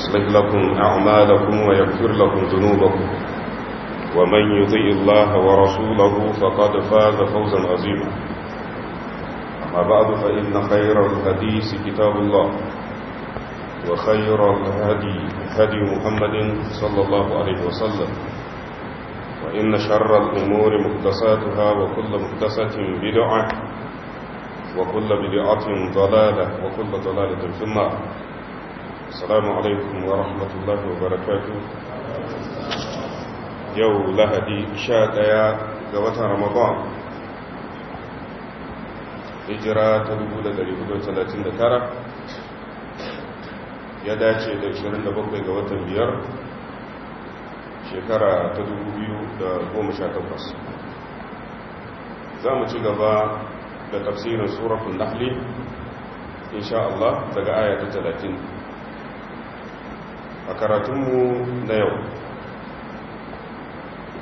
يصلح لكم أعمالكم ويكفر لكم ذنوبكم ومن يطيع الله ورسوله فقد فاز فوزا عظيما أما بعد فإن خير الحديث كتاب الله وخير الهدي هدي محمد صلى الله عليه وسلم وإن شر الأمور مقتصاتها وكل مقتصة بدعة وكل بدعة ضلالة وكل ضلالة في النار السلام عليكم ورحمة الله وبركاته يو لهدي شاد يا قوات رمضان هجرة تدبودة لبدو ثلاثين دكارة ya dace da 27 ga watan biyar shekara ta 2018 za mu ci gaba da tafsirin suratun nahli insha Allah daga ta talatin. a karatunmu na yau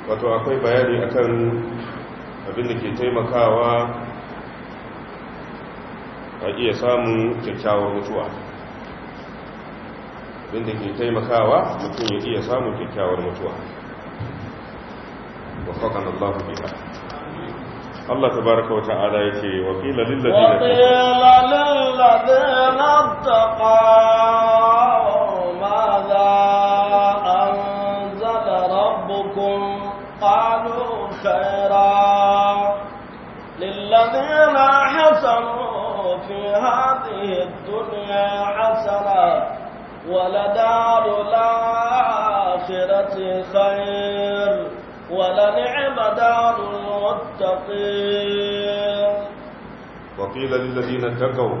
wato akwai bayani akan abin da ke taimakawa a iya samun kyakkyawar mutuwa abin da ke taimakawa mutum ya iya samun kyakkyawar mutuwa wa faƙan Allah biya Allah tabaraka wa ta'ala yace wa qila lil ladina lil ladina taqaw ma za anzala rabbukum qalu khayra lil ladina hasanu fi hadhihi ad-dunya hasana ولدار الآخرة خير ولنعم دار المتقين وقيل للذين اتقوا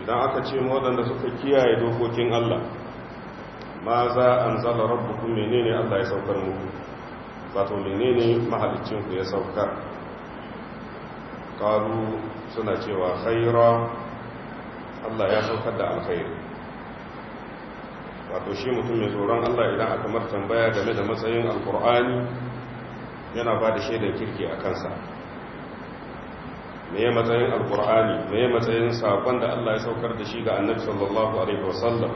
idan aka ce waɗanda suka kiyaye dokokin Allah ma za an zala rabbukum menene Allah ya saukar muku wato menene mahalicin ku ya saukar qalu suna cewa khaira Allah ya da alkhairi wato shi mutum mai tsoron Allah idan aka mar tambaya game da matsayin alkur'ani yana ba da shaidar kirki a kansa meye matsayin alkur'ani meye matsayin sabon da Allah ya saukar da shi ga annabi sallallahu alaihi wasallam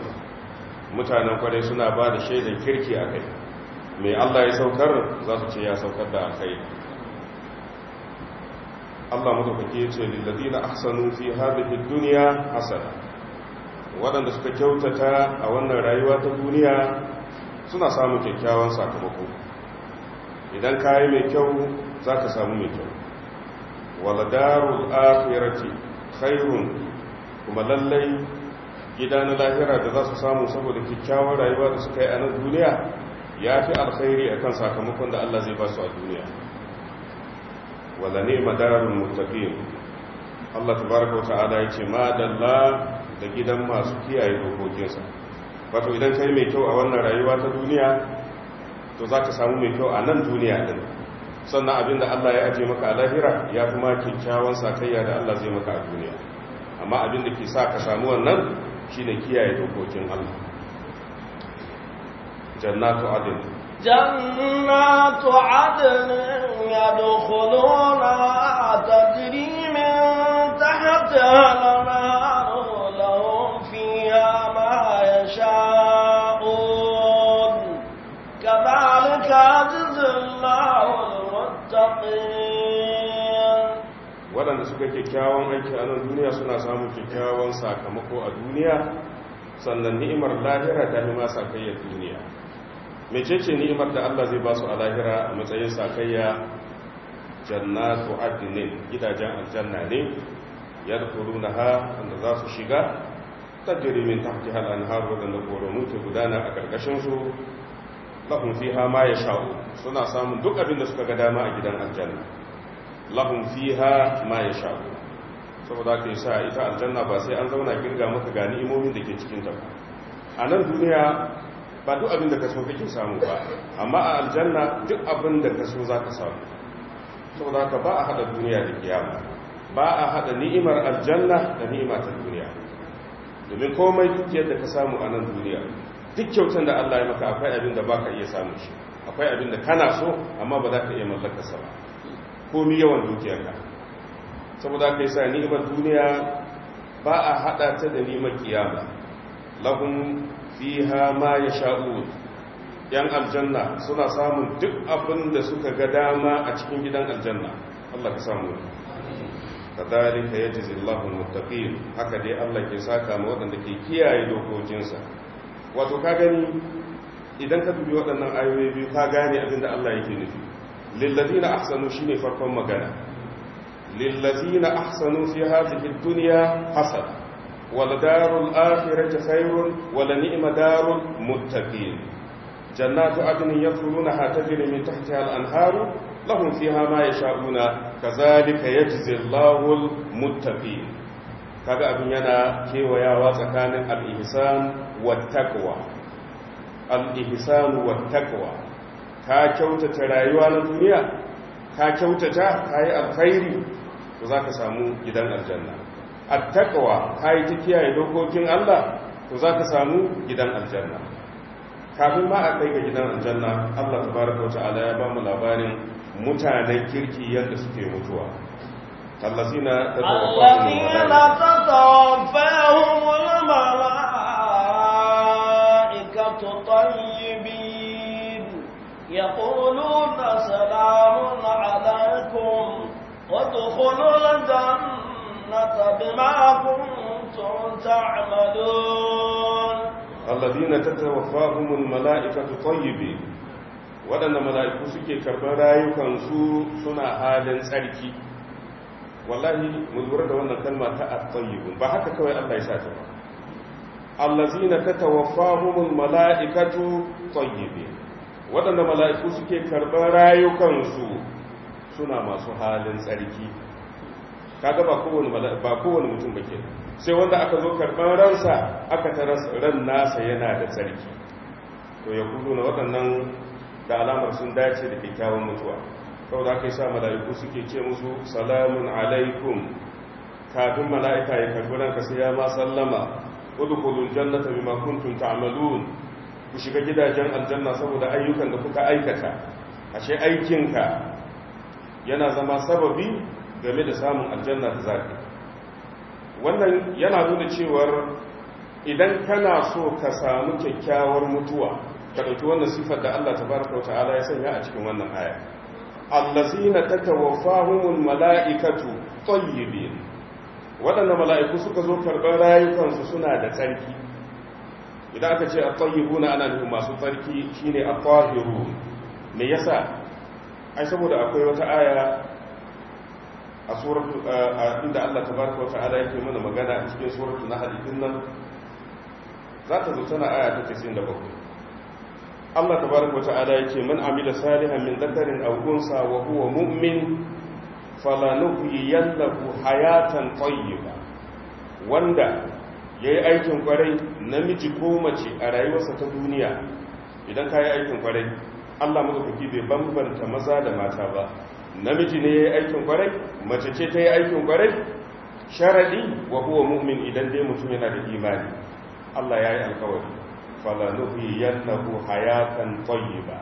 mutanen kwarai suna ba da shaidar kirki a kai me Allah ya saukar za su ce ya saukar da kai Allah madaukake ya ce na ahsanu fi hadhihi duniya hasana waɗanda suka kyautata a wannan rayuwa ta duniya suna samun kyakkyawan sakamako idan ka yi mai kyau za ka samu mai kyau waladarul akhirati khairun kuma lallai gida na lahira da za su samu saboda kyakkyawar rayuwa da suka yi a nan duniya ya fi alkhairi akan sakamakon da Allah zai ba su a duniya wala ne madarun mutaqin Allah tabaraka wata'ala ya ce ma dalla da gidan masu kiyaye dokokinsa wato idan kai mai kyau a wannan rayuwa ta duniya to za ka samu mai kyau a nan duniya ɗin sannan abin da Allah ya aje maka a lahira ya fi ma kyakkyawan sakayya da Allah zai maka a duniya amma abin da ke sa ka samu wannan shi ne kiyaye dokokin Allah jannatu adin jannatu adin yadkhuluna tajri min tahtiha al lahum fiha ma sha. الله المتقين waɗanda suka kyakkyawan aiki a nan duniya suna samun kyakkyawan sakamako a duniya sannan ni'imar lahira ta nima sakayyar duniya mecece ni'imar da Allah zai ba su a lahira a matsayin sakayya jannatu adnin gidajen aljanna ne yadkhulunaha wanda za su shiga tajri min tahtiha al-anhar wa goromu ta gudana a karkashin su lahum fiha ma yasha'u suna samun duk abin da suka ga dama a gidan aljanna lahum fiha ma yasha'u saboda ka sa ita aljanna ba sai an zauna girga maka ga ni'imomin da ke cikin ta a nan duniya ba duk abin da ka so kake samu ba amma a aljanna duk abin da ka so zaka samu saboda ka ba a hada duniya da kiyama ba a hada ni'imar aljanna da ni'ima ta duniya domin komai duk yadda ka samu a nan duniya duk kyautan da Allah ya maka akwai abin da baka iya samun shi akwai abin da kana so amma ba za ka iya mallaka sa ba mi yawan ka saboda kai sa ba duniya ba a hada ta da ni kiyama lahum fiha ma yasha'un yan aljanna suna samun duk abin da suka ga dama a cikin gidan aljanna Allah ka samu kadhalika yajzi Allahu muttaqin haka dai Allah ke saka ma waɗanda ke kiyaye dokokinsa wato ka gani idan ka dubi waɗannan ayoyi biyu ka gane abin da Allah yake nufi na ahsanu ne farkon magana na ahsanu fi hadhihi duniya hasana Wala darul akhirati khairun wa ni'ma darul muttaqin jannatu adnin yadkhulunaha tajri min tahtiha al anharu lahum fiha ma yasha'una kadhalika yajzi Allahu al muttaqin kaga abin yana kewayawa tsakanin al ihsan wattaqwa al-ihsan wattaqwa ka kyautata rayuwa na duniya ka kyautata kai alkhairi to zaka samu gidan aljanna attaqwa kai ta kiyaye dokokin Allah to zaka samu gidan aljanna kafin ma a kai ga gidan aljanna Allah tabaraka wa ta'ala ya ba mu labarin mutanen kirki yadda suke mutuwa الذين تتوفاهم الملائكة طيبين يقولون سلام عليكم وادخلوا الجنة بما كنتم تعملون الذين تتوفاهم الملائكة طيبين waɗanda mala'iku suke karɓar rayukansu suna halin tsarki wallahi mu lura da wannan kalma ta a ba haka kawai Allah ya sa ta ba allazina tatawaffahumul mala'ikatu tayyibin waɗanda mala'iku suke karɓar rayukansu suna masu halin tsarki kaga ba kowane ba ke mutum sai wanda aka zo karɓar ransa aka taras ran nasa yana da tsarki to ya kudu na waɗannan da alamar sun dace da kyakkyawan mutuwa saboda aka yi sa mala'iku suke ce musu salamun alaikum kafin mala'ika ya karɓi ranka sai ya ma sallama udkhulul jannata bima kuntum ta'malun ku shiga gidajen aljanna saboda ayyukan da kuka aikata ashe aikinka yana zama sababi game da samun aljanna ta zaki wannan yana nuna cewa idan kana so ka samu kyakkyawar mutuwa ka dauki wannan sifar da Allah tabaraka Ta'ala ya sanya a cikin wannan aya allazina tatawaffahumul malaikatu tayyibin waɗanda mala'iku suka zo karɓar rayukansu suna da tsarki idan aka ce a tsayibuna ana nufin masu tsarki shine a kwahiru me yasa ai saboda akwai wata aya a a inda Allah Ta tabaraka wata ala yake mana magana a cikin tsoratu na hadithin nan za ta zo tana aya ta 97 Allah Ta tabaraka wata ala yake man amila salihan min dakarin abubuwan sa wa huwa mu'min falanuhiyannahu hayatan tayyiba wanda yayi aikin kwarai namiji ko mace a rayuwarsa ta duniya idan kai aikin kwarai Allah madaukaki bai bambanta maza da mata ba namiji ne yayi aikin kwarai mace ce ta yi aikin kwarai sharadi wa huwa mu'min idan dai mutum yana da imani Allah yayi alkawari falanuhiyannahu hayatan tayyiba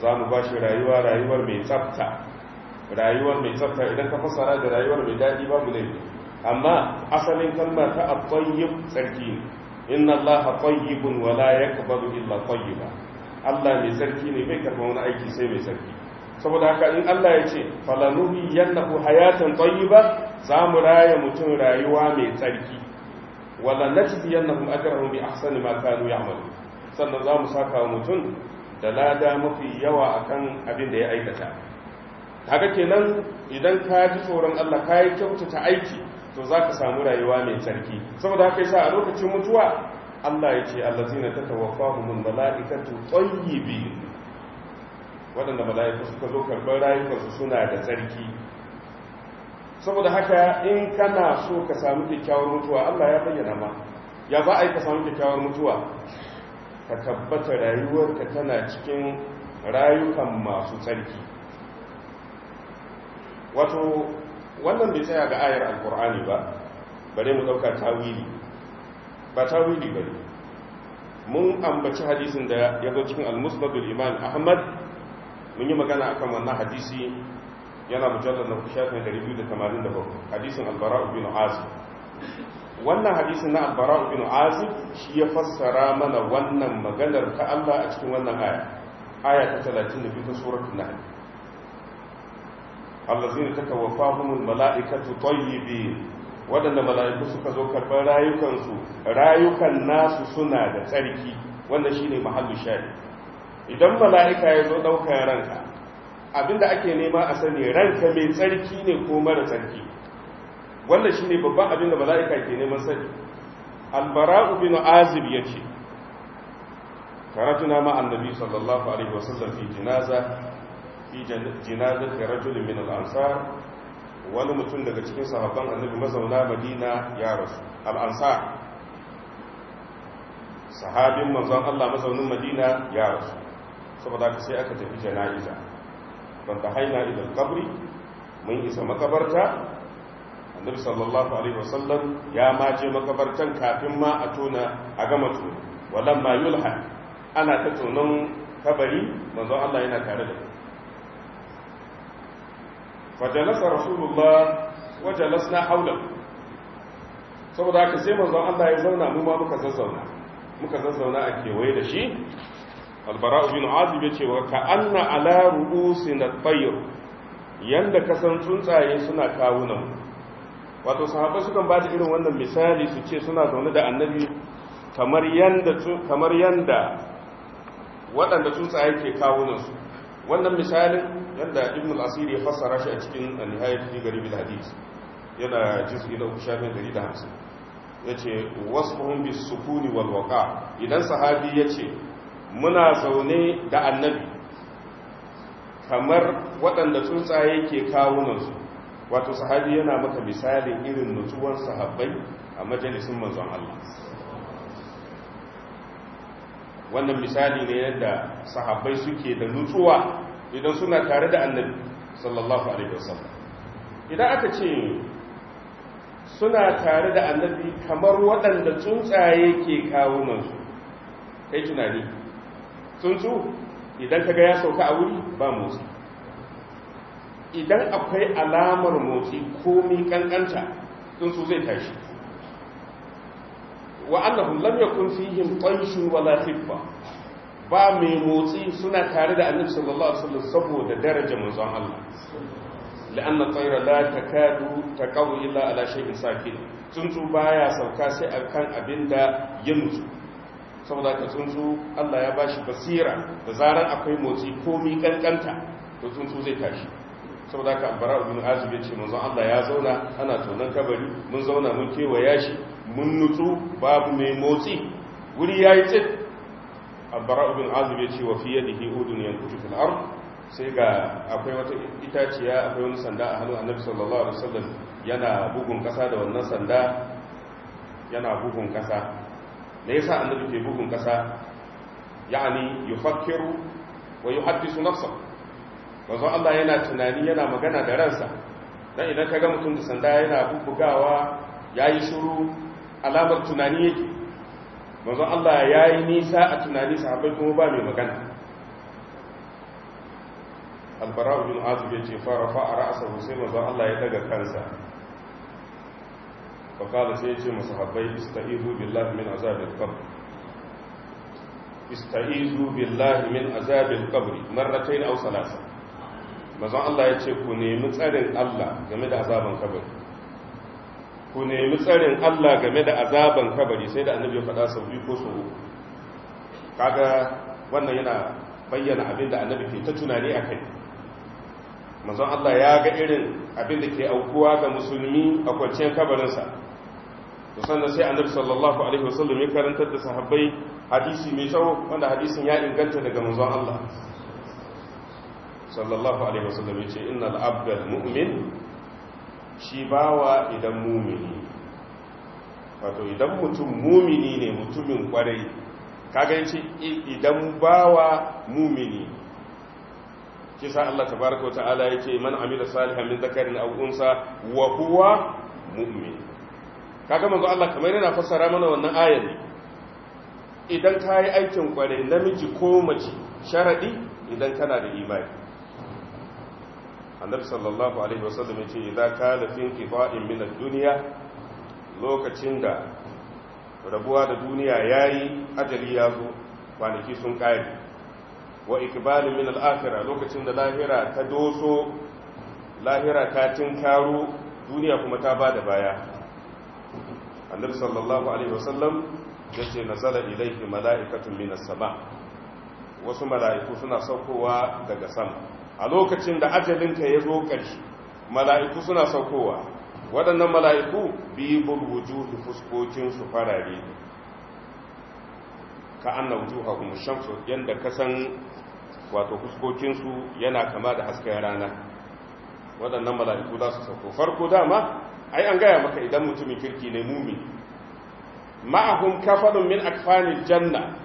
za mu ba shi rayuwa rayuwar mai tsafta rayuwar mai tsafta idan ka fasara da rayuwar mai daɗi babu ne amma asalin kalma ta a tayyib tsarki ne inna allaha tayyibun wa la yaqbalu illa tayyiba Allah mai tsarki ne bai karɓa wani aiki sai mai tsarki saboda haka in Allah ya ce falanuhi yannahu hayatan tayyiba za mu raya mutum rayuwa mai tsarki wala na najzi yannahum ajrahum bi ahsani ma kanu ya'malu sannan za mu saka mutum da lada mafi yawa akan abin da ya aikata haka kenan idan ka ji tsoron Allah ka yi kyautata aiki to za ka samu rayuwa mai tsarki saboda haka yasa a lokacin mutuwa Allah ya ce allazina tatawaffahumul malaikatu tayyibi wadanda mala'iku suka zo karɓar rayukansu suna da tsarki saboda haka in kana so ka samu kyakkyawar mutuwa Allah ya bayyana ma ya za a yi ka samu kyakkyawar mutuwa ka tabbata rayuwarka tana cikin rayukan masu tsarki wato wannan bai tsaya ga ayar alkur'ani ba bare mu dauka tawili ba tawili bane mun ambaci hadisin da ya zo cikin al al imam ahmad mun yi magana akan wannan hadisi yana mujallar na shafin 287 hadisin al al-bara' bin azib wannan hadisin na al al-bara' bin azib shi ya fassara mana wannan maganar ta Allah a cikin wannan aya aya ta 32 ta suratul nahl allazina takawaffahumul mala'ikatu tayyibin waɗanda mala'iku suka zo karɓar rayukansu rayukan nasu suna da tsarki wanda shine mahallu shari idan mala'ika ya zo ɗaukar ranka abinda ake nema a sani ranka mai tsarki ne ko mara tsarki wanda shine babban abinda mala'ika ke neman sani albara'u bin azib yace karatuna ma annabi sallallahu alaihi wasallam fi jinaza fi da rajulin min al-ansar wani mutum daga cikin sahabban annabi mazauna madina ya rasu al-ansar sahabin manzon Allah mazaunin madina ya rasu saboda ka sai aka tafi jana'iza ban ta haina idan kabri mun isa makabarta annabi sallallahu alaihi wasallam ya maje makabartan kafin ma a tona a gama tona ma yulha ana ta tonon kabari manzon Allah yana tare da ku fajalasa rasulullah a haula saboda haka sai manzon Allah ya zauna mu ma muka zazzauna muka zazzauna a kewaye da shi albara bin azib ya ce wa ka anna ala ru'usina tayr yanda kasan tsuntsaye suna kawunan wato sahabbai sukan ba da irin wannan misali su ce suna zaune da annabi kamar yanda kamar yanda waɗanda tsuntsaye ke kawunan su wannan misalin yadda ibn al-asiri ya fassara shi a cikin nihayat fi garib al-hadith yana juz'i na uku shafin 150 yace wasfuhum bis sukuni wal waqa idan sahabi yace muna zaune da annabi kamar waɗanda tsuntsaye ke kawo kawunansu wato sahabi yana maka misalin irin nutsuwan sahabbai a majalisin manzon Allah wannan misali ne yadda sahabbai suke da nutsuwa idan suna tare da annabi sallallahu alaihi wasallam idan aka ce suna tare da annabi kamar waɗanda tsuntsaye ke kawo nansu, kai tunani tsuntsu idan kaga ya sauka a wuri ba motsi idan akwai alamar motsi ko mi kankanta tsuntsu zai tashi wa lamya kun yakun fihim qayshun wala khiffa ba mai motsi suna tare da annabi sallallahu alaihi wasallam saboda daraja manzon Allah la'anna tayra la takadu taqaw illa ala shay'in sakin tsuntsu baya sauka sai akan abinda ya mutu saboda ka tsuntsu Allah ya bashi basira da zaran akwai motsi komi kankanta to tsuntsu zai tashi saboda ka ambara ibn azib ya ce manzon Allah ya zauna ana tunan kabari mun zauna mun kewaya shi mun nutsu babu mai motsi wuri yayi tsit ambara ibn azib ya ce wa fi yadihi udun yankutu fil ard sai ga akwai wata itaciya akwai wani sanda a hannun annabi sallallahu alaihi wasallam yana bugun kasa da wannan sanda yana bugun kasa me yasa annabi ke bugun kasa yani yufakkiru wa yuhaddisu nafsahu manzon Allah yana tunani yana magana da ransa dan idan ka ga mutum da sanda yana bugawa ya yi shiru alamar tunani yake manzon Allah ya yi nisa a tunani sahabbai kuma ba mai magana albara bin azib ce fa rafa'a ra'sahu sai manzon Allah ya daga kansa fa kala sai yace masahabbai istaizu billahi min azabil qabr استعيذوا بالله من عذاب القبر مرتين أو ثلاثة mazan Allah ya ce ku nemi tsarin Allah game da azaban kabari ku nemi tsarin Allah game da azaban kabari sai da annabi ya faɗa sau biyu ko sau uku kaga wannan yana bayyana abin da annabi ke ta tunani a kai mazan Allah ya ga irin abin da ke aukuwa ga musulmi a kwanciyar kabarinsa sannan sai annabi sallallahu alaihi wasallam ya karantar da sahabbai hadisi mai tsawo wanda hadisin ya inganta daga mazan Allah sallallahu alaihi wasallam yace innal abdal mu'min shi bawa idan mumini wato idan mutum mumini ne mutumin kwarai kaga yace idan bawa mumini kisa Allah tabaaraka wa ta'ala yace man amila salihan min dhakarin aw unsa wa huwa mu'min kaga manzo Allah kamar yana fassara mana wannan ayar idan kai aikin kwarai namiji ko mace sharaɗi idan kana da imani annabi sallallahu alaihi wasallam yace idza kana fi qita'in min ad-dunya lokacin da rabuwa da duniya yayi ajali ya zo kwanaki sun kare wa ikbalu min al-akhirah lokacin da lahira ta doso lahira ta tinkaro duniya kuma ta bada baya annabi sallallahu alaihi wasallam yace nazala ilayhi mala'ikatun as sama wasu mala'iku suna saukowa daga sama a lokacin da ajalinka ya zo ƙarshe mala'iku suna saukowa waɗannan mala'iku biyu bulwuju da fuskokinsu farare ka an nautu hakumu shamsu yadda ka san wato fuskokinsu yana kama da hasken rana waɗannan mala'iku za su sauko farko dama ai an gaya maka idan mutumin kirki ne mumi ma'ahun kafanin min akfanil janna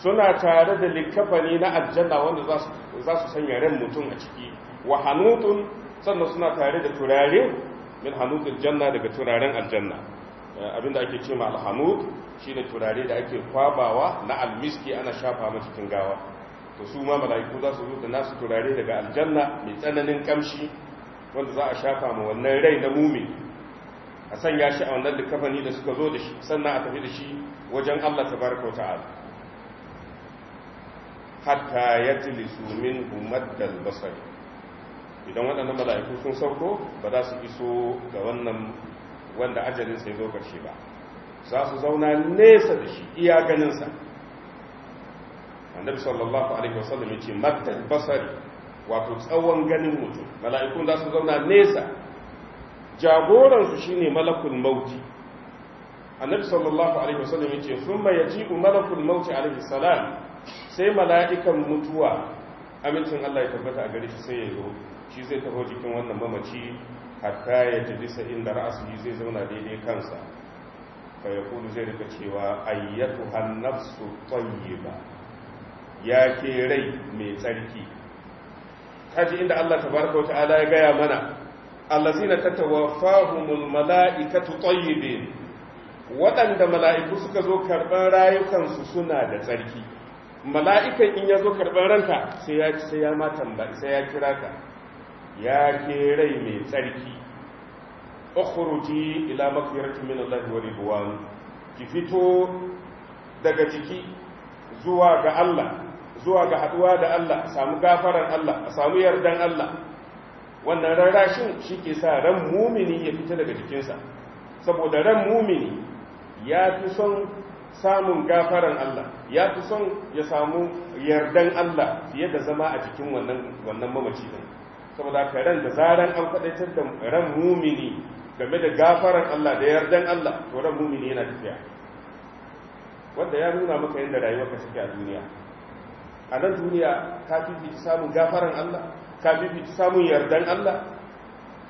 suna tare da likafani na aljanna wanda za su za su sanya ran mutum a ciki wa hanutun sannan suna tare da turare min hanutun janna daga turaren aljanna eh, abinda ake ce ma alhanut shine turare da ake kwabawa na almiski ana shafa ma cikin gawa to su ma mala'iku za su zo da nasu turare daga aljanna mai tsananin kamshi wanda za a shafa ma wannan rai na mumi a sanya shi a wannan likafani da suka zo da shi sannan a tafi da shi wajen Allah tabaraka wa ta'ala hatta ya tilisu min umaddal basari idan waɗannan mala'iku sun sauko ba za su iso ga wannan wanda ajalin ya zo ƙarshe ba za su zauna nesa da shi iya ganinsa annabi sallallahu alaihi wasallam ya ce maddal basari wato tsawon ganin mutum mala'ikun za su zauna nesa jagoransu shine malakul mauti annabi sallallahu alaihi wasallam ya ce sun ma yaji malakul mauti alaihi salam sai mala'ikan mutuwa amincin Allah ya tabbata a gare shi sai ya zo shi zai taho jikin wannan mamaci hatta ya bisa inda ra'asuhi zai zauna daidai kansa fa kudu zai rika cewa ayyatu hannafsu tayyiba ya ke rai mai tsarki kaji inda Allah tabaraka wa ta'ala ya gaya mana allazina tatawaffahumul mala'ikatu tayyibin waɗanda mala'iku suka zo karɓar rayukansu suna da tsarki mala'ikan in ya zo karɓar ranka sai ya ci sai ya matan ba sai ya kira ka ya ke rai mai tsarki ukhruji ila maghfiratin min Allah wa ridwan ki fito daga ciki zuwa ga Allah zuwa ga haduwa da Allah samu gafarar Allah a samu yardan Allah wannan rarashin shi ke sa ran mumini ya fita daga jikinsa saboda ran mumini ya fi son samun gafaran Allah ya fi son ya samu yardan Allah fiye da zama a cikin wannan mamaci din saboda ka ran da zaran an kwadaitar da ran mumini game da gafaran Allah da yardan Allah to ran mumini yana tafiya wanda ya nuna maka yadda rayuwar ka take a duniya a nan duniya ka fi samun gafaran Allah ka fi samun yardan Allah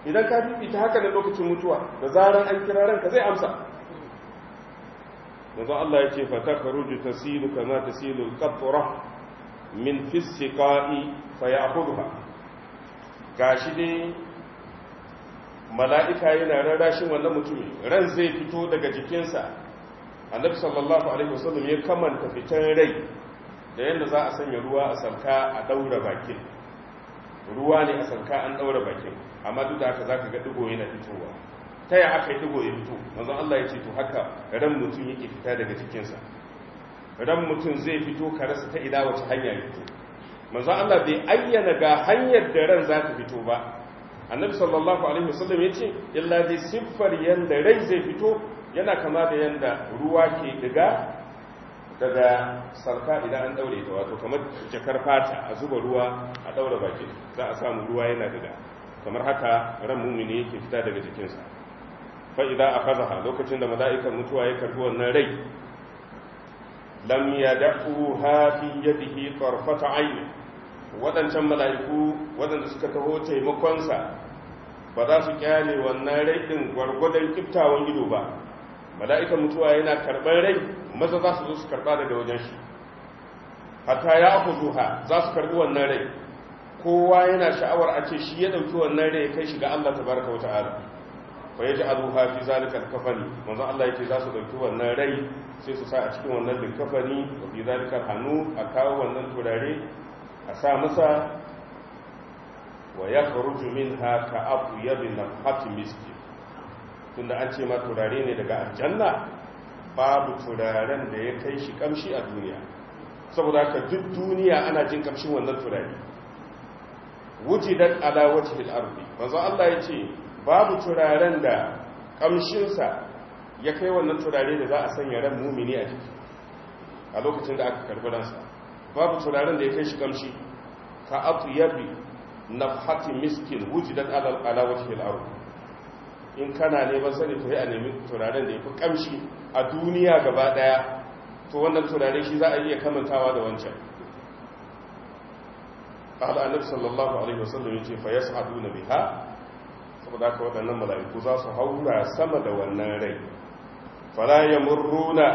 idan ka ta haka ne lokacin mutuwa da zaran an kira ranka zai amsa manzo Allah ya ce fa takruju tasilu kama tasilu qatra min fi siqai fa ya'khudha gashi ne mala'ika yana rarashin wannan mutumi ran zai fito daga jikinsa annabi sallallahu alaihi wasallam ya kamanta fitan rai da yadda za a sanya ruwa a sanka a daura bakin ruwa ne a sanka an daura bakin amma duk da haka zaka ga dubo yana fitowa ta ya aka yi digo ya fito wanzu Allah ya ce to haka ran mutum yake fita daga jikinsa ran mutum zai fito ka rasa ta ida wace hanya ya fito wanzu Allah bai ayyana ga hanyar da ran za ta fito ba annabi sallallahu alaihi wasallam ya ce illa dai siffar yadda rai zai fito yana kama da yadda ruwa ke daga daga sarka idan an daure ta wato kamar jakar fata a zuba ruwa a daura bakin za a samu ruwa yana daga kamar haka ran mumini yake fita daga jikinsa fa'ida a kazaha lokacin da mala'ikan mutuwa ya karbi wannan rai lam ya dafu hafi ya dihi ƙarfata aini waɗancan mala'iku waɗanda suka taho taimakonsa ba za su kyale wannan rai ɗin gwargwadon ƙiftawan ido ba mala'ikan mutuwa yana karɓar rai maza za su zo su karɓa daga wajen shi hatta ya aku zuha za su karɓi wannan rai kowa yana sha'awar a ce shi ya ɗauki wannan rai ya kai shi ga allah tabaraka wata'ala fa yaj'aluha fi zalika kafani manzo Allah yake za su dauki wannan rai sai su sa a cikin wannan kafani wa fi zalika hannu a kawo wannan turare a sa masa wa yakhruju minha ka abyadin nafhatin miski tunda an ce ma turare ne daga aljanna babu turaren da ya kai shi kamshi a duniya saboda haka duk duniya ana jin kamshin wannan turare wujidat ala wajhil ardi manzo Allah yace babu turaren da kamshinsa ya kai wannan turare da za a sanya ran mumini a jiki a lokacin da aka karbi ransa babu turaren da ya kai shi kamshi ka atyabi nafhati miskin wujidat ala ala wajhil ardh in kana neman sani ta yi a nemi turaren da ya fi kamshi a duniya gaba daya to wannan turare shi za a iya kamantawa da wancan sallallahu alaihi wasallam ya ce وسلم abu na biha za ka waɗannan mala'iku za su haura sama da wannan rai ya yamurruna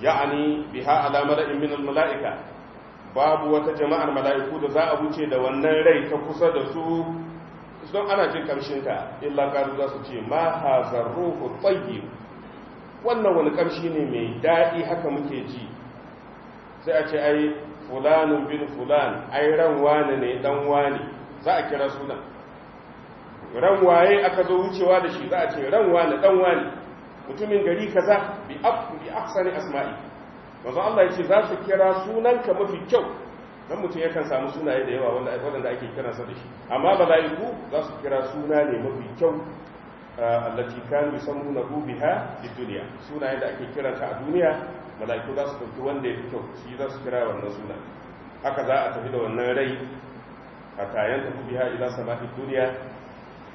ya'ani biha ala mala'in malaika babu wata jama'ar mala'iku da za a wuce da wannan rai ta kusa da su don ana jin kamshin ka illa kalu za su ce ma hazar ruhu tsaye. wannan wani kamshi ne mai daɗi haka muke ji sai a ce ai fulanun bin fulan ai ran wani ne dan wani za a kira sunan Ranwaye aka zo wucewa da shi za a ce ran na dan wani mutumin gari kaza bi afu bi ahsani asma'i manzo Allah yace za su kira sunanka mafi kyau dan mutum yakan samu sunaye da yawa wanda wanda ake kiransa da shi amma balaiku za su kira suna ne mafi kyau eh, allati kan yusammunahu biha fi dunya sunayen da ake ta a duniya malaiku za su dauki wanda ya kyau shi za su kira wannan suna haka za a tafi da wannan rai a tayan tafi biha ila sama'i duniya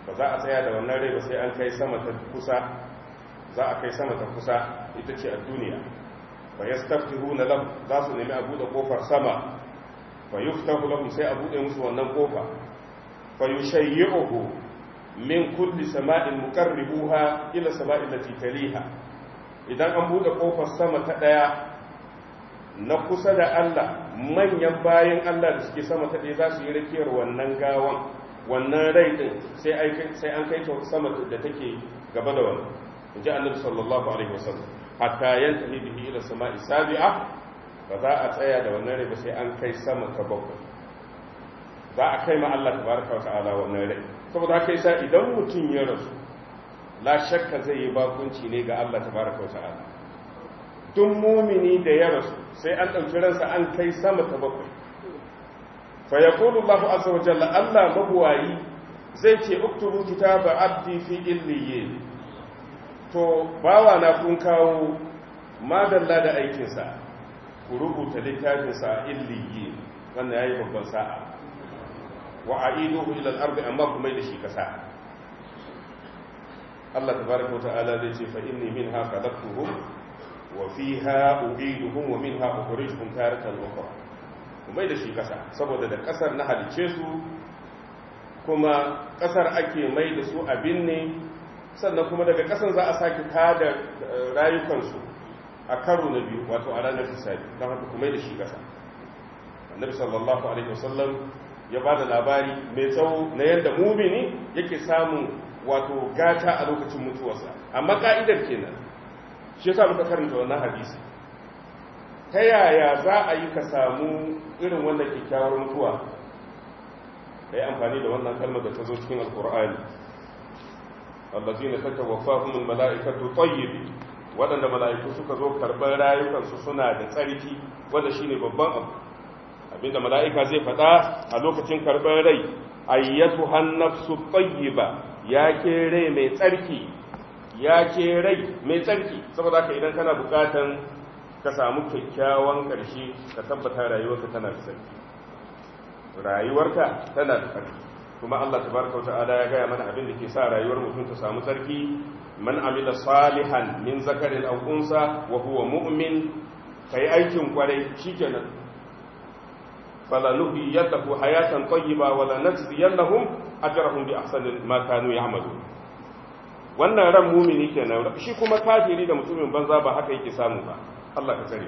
ba za a tsaya da wannan rai ba sai an kai sama ta kusa za a kai sama ta kusa ita ce a duniya ba ya stafi na lam za su nemi a buɗe ƙofar sama ba yi fitahu sai a buɗe musu wannan ƙofa ba yi ogo min kulli sama'in muqarribuha ila sama'in lati titaliha. idan an buɗe ƙofar sama ta ɗaya na kusa da Allah manyan bayan Allah da suke sama ta ɗaya za su yi rakiyar wannan gawan wannan rai din sai an kai ta sama da take gaba da wannan in ji annabi sallallahu alaihi wasallam hatta yantahi bihi ila sama'i sabi'a ba za a tsaya da wannan rai ba sai an kai sama ta bakwai za a kai ma Allah tabaraka wa ta'ala wannan rai saboda haka yasa idan mutum ya rasu la shakka zai yi bakunci ne ga Allah tabaraka wa ta'ala duk mumini da ya rasu sai an dauki ransa an kai sama ta bakwai fa yaqulu Allahu azza wa jalla Allah mabuwayi zai ce uktubu kitaba abdi fi illiye. to bawa na kun kawo madalla da aikinsa ku rubuta littafinsa a illiye. wannan ya babban sa'a wa a'iduhu ila al-ardi amma ku mai da shi kasa Allah tabaraka wa ta'ala zai ce fa inni min ha wa fi ubiduhum wa minha ha taratan ukhra mai da shi kasa saboda da kasar na halice su kuma kasar ake mai da su abin ne sannan kuma daga kasan za a sake tada eh, rayukansu a karo na biyu wato a ranar hisabi don haka kuma da shi kasa annabi sallallahu alaihi wasallam ya ba da labari mai tsawo na yadda mumini yake samun wato gata a lokacin mutuwarsa amma ka'idar kenan shi yasa muka karanta wannan hadisi ta yaya za a yi ka samu irin ke kyakkyawar mutuwa ka yi amfani da wannan kalmar da ta zo cikin alkur'ani allazi na saka wafahun mala'ikatu tsayyibi waɗanda mala'iku suka zo karɓar rayukansu suna da tsarki wanda ne babban abu abinda mala'ika zai faɗa a lokacin karɓar rai ayyatu hannafsu tsayyiba ya ke rai mai tsarki ya ke rai mai tsarki saboda ka idan kana bukatan ka samu kyakkyawan ƙarshe ka tabbata rayuwarka tana da sarki rayuwarka tana da sarki kuma Allah tabaraka ta'ala ya gaya mana abin da ke sa rayuwar mutum ta samu sarki man amila salihan min zakarin aw unsa wa huwa mu'min kai aikin kwarai shikenan fala nuhiyatahu hayatan tayyiba wa la najziyannahum ajrahum bi ahsani ma kanu ya'malun wannan ran mumini kenan shi kuma kafiri da mutumin banza ba haka yake samu ba Allah ka tsare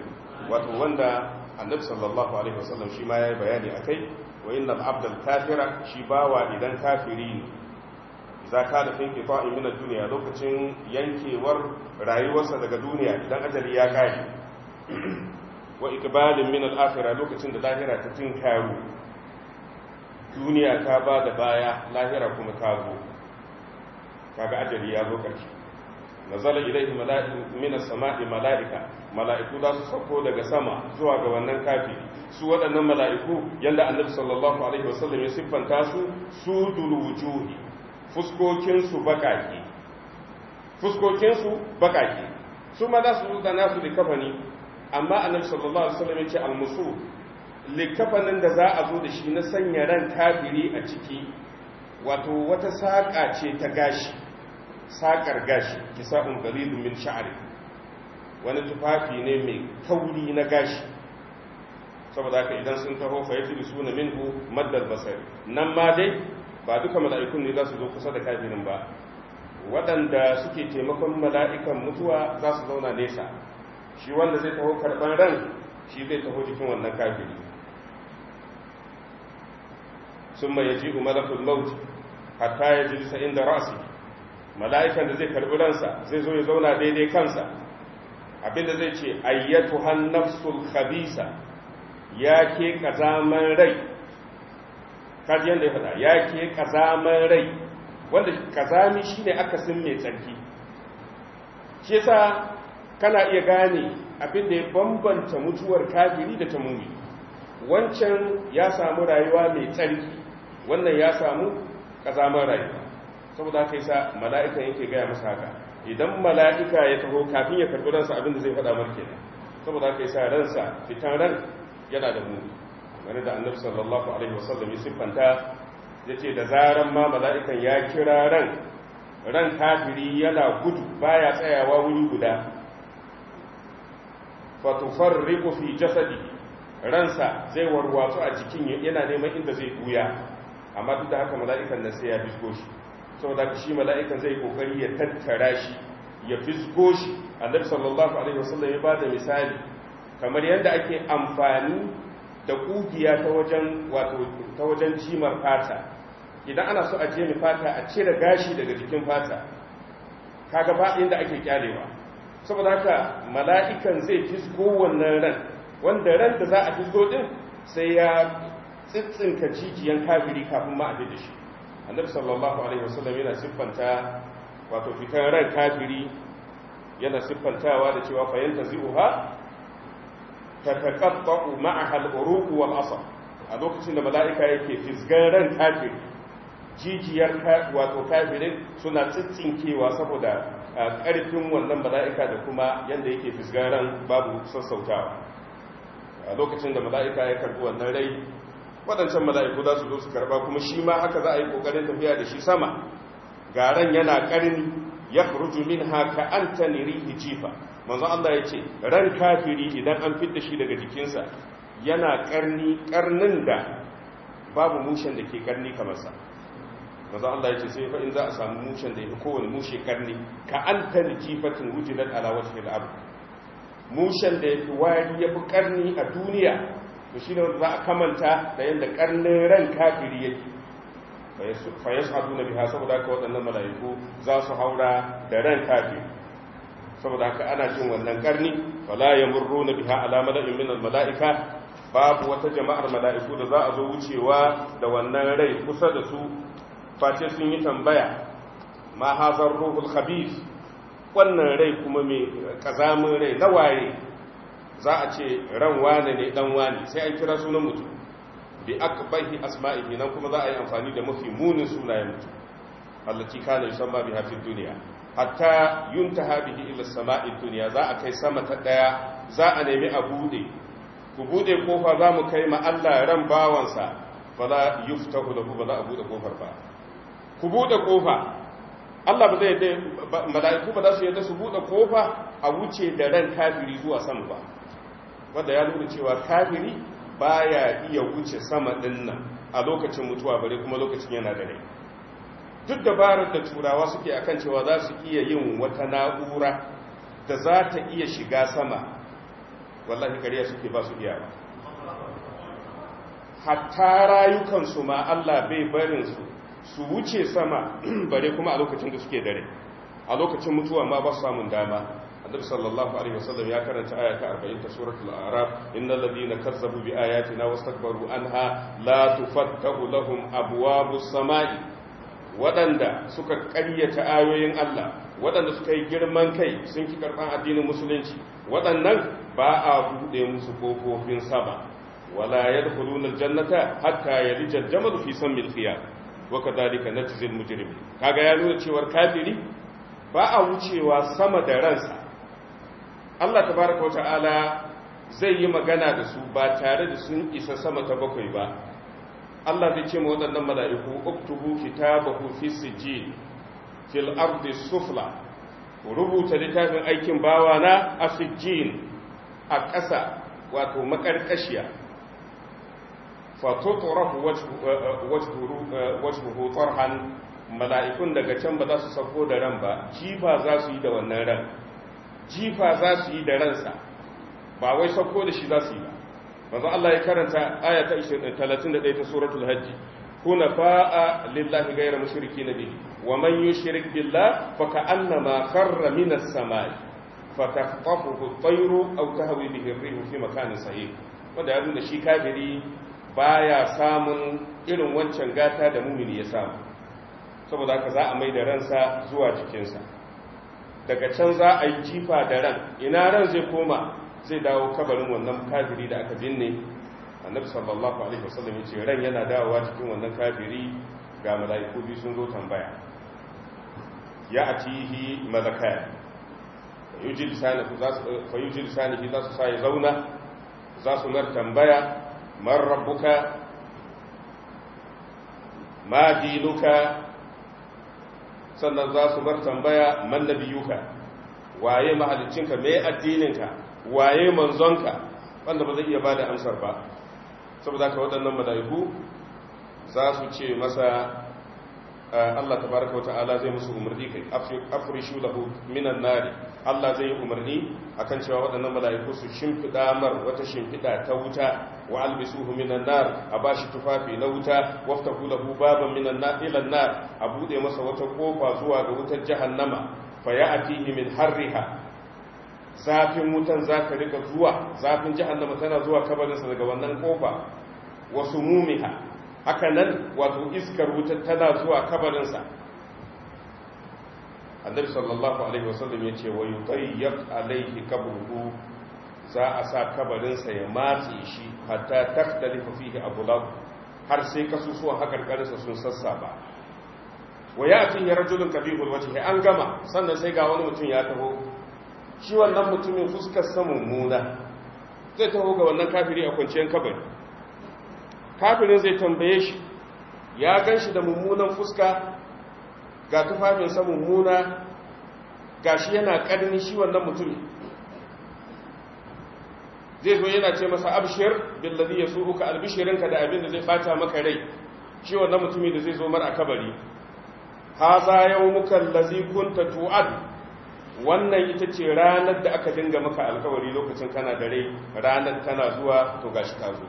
wato wanda annabi sallallahu alaihi wasallam shi ma yayi bayani akai wa innal abdal kafira shi bawa idan kafiri ne za ka da finke ta min duniya lokacin yankewar rayuwarsa daga duniya idan ajali ya kai wa ikbalin min al-akhirah lokacin da lahira ta tinkaru duniya ta ba da baya lahira kuma ta zo kaga ajali ya zo ƙarshe nazala ilaihi min as-sama'i mala'ika mala'iku za su sauko daga sama zuwa ga wannan kafi su wadannan mala'iku yanda annabi sallallahu alaihi wasallam ya siffanta su su wujuhi fuskokin su bakaki fuskokin su bakaki su ma za su da nasu likafani amma annabi sallallahu alaihi wasallam ya ce al-musu likafanin da za a zo da shi na sanya ran kafiri a ciki wato wata saƙa ce ta gashi sakar gashi kisa'un qalilun min sha'ri wani tufafi ne mai kauri na gashi saboda haka idan sun taho fa yati suna minhu maddal basari nan ma dai ba duka mala'ikun ne za su zo kusa da kafirin ba waɗanda suke taimakon mala'ikan mutuwa za su zauna nesa shi wanda zai taho karɓar ran shi zai taho cikin wannan kafin. sun mai yaji umarakul mauti hatta ya jirisa inda rasu mala'ikan da zai karbi ransa zai zo ya zauna daidai kansa abinda zai ce ayyatu hannafsul khabisa ya ke kazaman rai kaji yadda ya faɗa ya ke kazaman rai wanda kazami shine akasin mai tsarki shi sa kana iya gane da ya bambanta mutuwar kafiri da ta mumi wancan ya samu rayuwa mai tsarki wannan ya samu kazaman rayuwa saboda haka yasa mala'ika yake gaya masa haka idan mala'ika ya taho kafin ya karbi ransa abin da zai faɗa mar kenan saboda haka yasa ransa fitan ran yana da muni kamar da annabi sallallahu alaihi wasallam ya siffanta yace da zaran ma mala'ikan ya kira ran ran kafiri yana gudu baya tsayawa wuri guda fa tufarriqu fi jasadi ransa zai warwatsu a jikin yana neman inda zai buya amma duk da haka mala'ikan nan sai ya bisko shi saboda shi mala'ikan zai kokari ya tattara shi ya fizgo shi annabi sallallahu alaihi wasallam ya bada misali kamar yadda ake amfani da ƙugiya ta wajen wato cimar fata idan ana so a je mai fata a cire gashi daga jikin fata kaga ba inda ake kyalewa saboda haka mala'ikan zai fisgo wannan ran wanda ran da za a fisgo din sai ya tsintsinka jijiyan kafiri kafin ma a da shi annabi sallallahu alaihi wasallam yana siffanta wato fitan ran kafiri yana siffantawa da cewa fayanta zi'uha ta taqatta'u ma'aha al-uruq wal asab a lokacin da mala'ika yake fisgan ran kafiri jijiyar wato kafirin suna tsitsinkewa saboda karfin wannan mala'ika da kuma yanda yake fisgan ran babu sassautawa a lokacin da mala'ika ya karbi wannan rai waɗancan mala'iku za su zo su karɓa kuma shi ma haka za a yi ƙoƙarin tafiya da shi sama garen yana ƙarni ya kuruju min haka an ta niri hijifa manzo Allah ya ce ran kafiri idan an fidda shi daga jikinsa yana ƙarni ƙarnin da babu mushen da ke ƙarni kamar sa manzo Allah ya ce sai fa’in za a samu mushen da ya fi kowane mushe ƙarni ka an ta rijifatin wujidat ala wajhil abu. mushen da ya fi wari ya fi ƙarni a duniya to shi ne za a kamanta da yadda karnin ran kafiri yake fa yasu abu na biha saboda haka waɗannan mala'iku za su haura da ran kafiri saboda haka ana cin wannan karni wala ya murro na biha alamala'in min mala'ika babu wata jama'ar mala'iku da za a zo wucewa da wannan rai kusa da su face sun yi tambaya ma hazar ruhul khabis wannan rai kuma mai kazamin rai na waye za a ce ran wane ne dan wane sai an kira sunan mutum bi akbahi asma'ihi nan kuma za a yi amfani da mafi munin sunayen mutum allati kana yusamma biha fi dunya hatta yuntaha bihi ila sama'i dunya za a kai sama ta daya za a nemi a bude ku bude kofa za mu kai ma Allah ran bawansa fala yuftahu lahu ba za a bude kofar ba ku bude kofa Allah ba zai mala'iku ba za su yadda su bude kofa a wuce da ran kafiri zuwa sama ba wanda ya nuna cewa kafiri baya iya wuce sama dinnan a lokacin mutuwa bare kuma lokacin yana da rai duk dabarar da turawa suke akan cewa za su iya yin wata na'ura da za ta iya shiga sama wallahi kariya suke ba su iya hatta rayukansu ma Allah bai barinsu su wuce sama bare kuma a lokacin da suke dare a lokacin mutuwa ma ba su samun dama annabi sallallahu alaihi wasallam ya karanta aya ta 40 ta suratul a'raf innal ladina kazzabu bi ayatina wastakbaru anha la tufattahu lahum abwabus samai waɗanda suka ƙaryata ayoyin Allah waɗanda suka yi girman kai sun ki karɓar addinin musulunci waɗannan ba a buɗe musu kofofin sama wala yadkhuluna aljannata hatta yalija aljamal fi sammil khiyam wa kadhalika najzil mujrimin kaga ya nuna cewa kafiri ba a wucewa sama da ransa Allah tabaraka wata'ala Ala zai yi magana da su ba tare da sun isa sama ta bakwai ba Allah zai ce ma waɗannan mala'iku uktubu kitabahu fi fil ardi sufla rubuta littafin aikin bawa na a a ƙasa wato makarƙashiya fatutrahu wajhuhu tarhan mala'ikun daga can ba za su sako da ran ba jifa za su yi da wannan ran jifa za su yi da ransa ba wai sauko da shi za su yi ba manzo Allah ya karanta aya ta 31 eh, ta suratul hajj kuna fa'a lillahi ghayra mushrikin biyu wa man yushrik fa ka'annama kharra minas samai fa taqtafuhu at-tayru aw tahwi bihi ar-rihu fi makanin sahih wanda ya nuna shi kafiri baya samun irin wancan gata da mumini ya samu saboda haka za a mai da ransa zuwa jikinsa daga can za a yi jifa da ran ina ran zai koma zai dawo kabarin wannan kafiri da aka binne annabi sallallahu alaihi wasallam ya ce ran yana dawowa cikin wannan kafiri ga mala'iku biyu sun zo tambaya ya atihi malakaya yujil sanahu fa yujil sanahu za su sai zauna za su mar tambaya man rabbuka ma diluka sannan za su bar tambaya man ka waye mahaliccinka me addininka waye manzonka wanda ba zai iya ba da amsar ba saboda ka waɗannan mala'iku za su ce masa Allah baraka wa ta'ala zai musu umarni kai da lahu minan nari Allah zai yi umarni akan cewa waɗannan mala'iku su shimfiɗa mar wata shimfiɗa ta wuta wa albisuhu minan nar a bashi tufafi na wuta waftahu lahu baban minan nar ila nar a bude masa wata kofa zuwa ga wutar jahannama fa ya'tihi min harriha zafin wutan ka rika zuwa zafin jahannama tana zuwa kabarinsa daga wannan ƙofa wasu mumiha haka nan wato iskar wutar tana zuwa kabarinsa annabi sallallahu alaihi wasallam ya ce wa alaihi kabruhu za a sa kabarinsa ya matse shi hatta taktalifu fihi abulab har sai kasusuwan hakarkarinsa sun sassaba wa ya ya rajulun kabihul wajhi an gama sannan sai ga wani mutum ya taho shi wannan mutumin fuskar samun muna zai taho ga wannan kafiri a kwanciyar kabari kafirin zai tambaye shi ya ganshi da mummunan fuska ga samun sa ga shi yana karni shi wannan mutum zai zo yana ce masa abshir su uka albishirinka da abin da zai fata maka rai shi wannan mutumi da zai zo mar a kabari haza muka lazi kunta tu'ad wannan ita ce ranar da aka dinga maka alkawari lokacin kana da rai ranar tana zuwa to gashi ta zo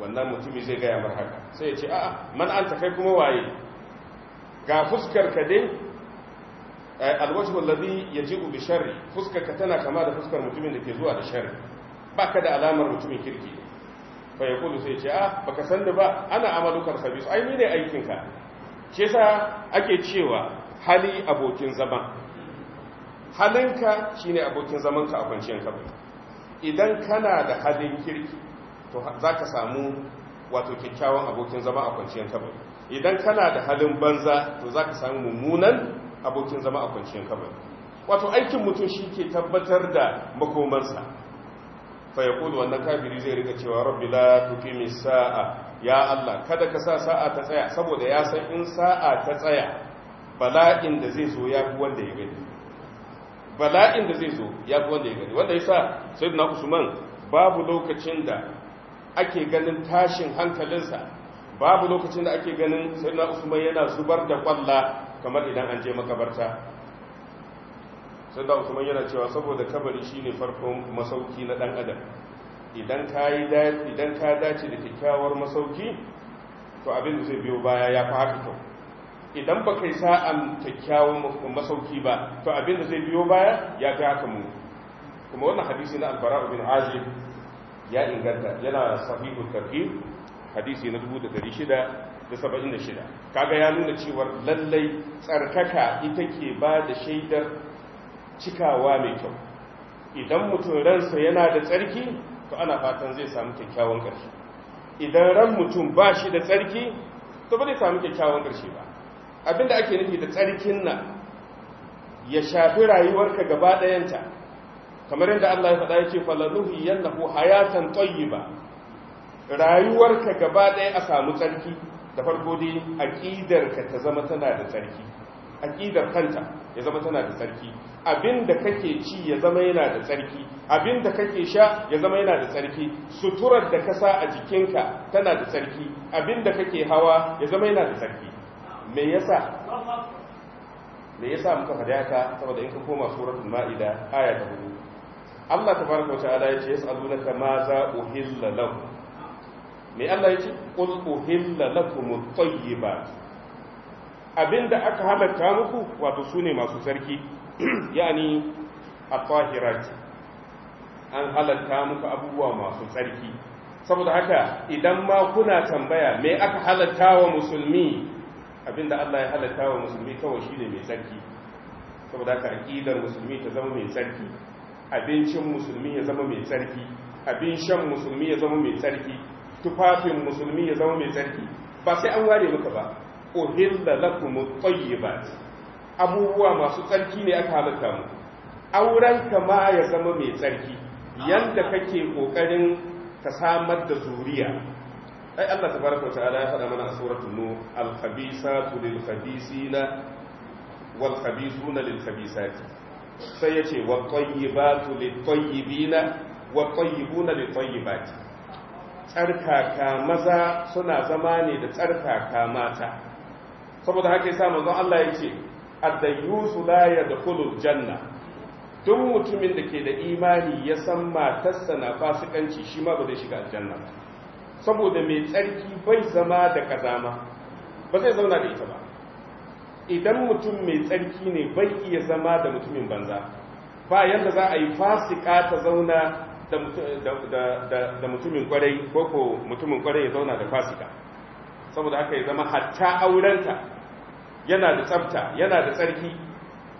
wannan mutumi zai gaya mar haka sai ya ce a'a man an ta kai kuma waye ga fuskar ka dai eh, alwajhu alladhi yajibu bi sharri fuskar ka tana kama da fuskar mutumin da ke zuwa da sharri baka da alamar mutumin kirki fa yaqulu sai ce ah baka san da ba ana amalukar khabis ai ni ne aikin ka shi yasa ake cewa hali abokin zama halinka shine abokin zaman ka a kwanciyar idan kana da halin kirki to za ka samu wato kyakkyawan abokin zama a kwanciyar ba. idan kana da halin banza to za ka sami mummunan abokin zama a kwanciyar kamar wato aikin mutum shi ke tabbatar da makomansa fa ya kudu wannan kafiri zai rika cewa rabbi la tuqimi sa'a ya Allah kada ka sa sa'a ta tsaya saboda ya san in sa'a ta tsaya bala'in da zai zo ya fi wanda ya gani bala'in da zai zo ya fi wanda ya gani wanda yasa sayyidina usman babu lokacin da ake ganin tashin hankalinsa babu lokacin da ake ganin na usman yana zubar da kwalla kamar idan an je makabarta da usman yana cewa saboda kabari shine farkon masauki na dan adam idan ka yi idan ka dace da kyakkyawar masauki to abin da zai biyo baya ya fi haka kyau idan ba kai sa'an kyakkyawan masauki ba to abin da zai biyo baya ya fi haka mu kuma wannan hadisi na albara bin azib ya inganta yana sahihul tarhib hadisi na 676 kaga ya nuna cewar lallai tsarkaka ita ke ba da shaidar cikawa mai kyau idan mutum ransa yana da tsarki to ana fatan zai samu kyakkyawan ƙarshe idan ran mutum ba shi da tsarki to ba zai samu kyakkyawan ƙarshe ba abinda ake nufi da tsarkin nan ya shafi rayuwarka gaba ɗayanta kamar yadda Allah ya faɗa ya ce yannahu hayatan tayyiba rayuwarka gaba ɗaya a samu tsarki da farko dai aƙidarka ta zama tana da tsarki aƙidar kanta ya zama tana da tsarki abin da kake ci ya zama yana da tsarki abin da kake sha ya zama yana da tsarki suturar da ka sa a jikinka tana da tsarki abin da kake hawa ya zama yana da tsarki me yasa me yasa muka faɗa haka saboda in ka koma suratul ma'ida aya ta hudu Allah tabaraka wa ta'ala ya ce yas'alunaka ma za uhilla lahum Mai Allah ya ce qul na kuma at ba abinda aka halatta muku wato sune masu sarki yani a tahirat an halatta muku abubuwa masu sarki saboda haka idan ma kuna tambaya mai aka halatta wa musulmi abinda Allah ya halatta wa musulmi kawai shine mai sarki saboda haka aƙidar musulmi ta zama mai sarki abincin musulmi ya zama mai sarki abin shan musulmi ya zama mai tsarki. tufafin musulmi ya zama mai tsarki ba sai an ware maka ba da uhilla lakum tayyibat abubuwa masu tsarki ne aka halatta mu auren ka ma ya zama mai tsarki yanda kake kokarin ka samar da zuriya ai Allah ta tabaraka wa ta'ala ya faɗa mana a suratul nur al-khabisatu lil khabisina wal khabisuna lil khabisati sai yace wa tayyibatu lit tayyibina wa tayyibuna lit tayyibati tsarkaka maza suna zama ne da tsarkaka mata saboda haka yasa manzo Allah yake ad-dayyusu la yadkhulul janna duk mutumin da ke da imani ya san matarsa na fasikanci shi ma ba zai shiga aljanna saboda mai tsarki bai zama da kazama ba zai zauna da ita ba idan mutum mai tsarki ne bai iya zama da mutumin banza ba yanda za a yi fasika ta zauna da mutumin kwarai ko ko mutumin kwarai ya zauna da fasika saboda haka ya zama hatta aurenta yana da tsabta yana da tsarki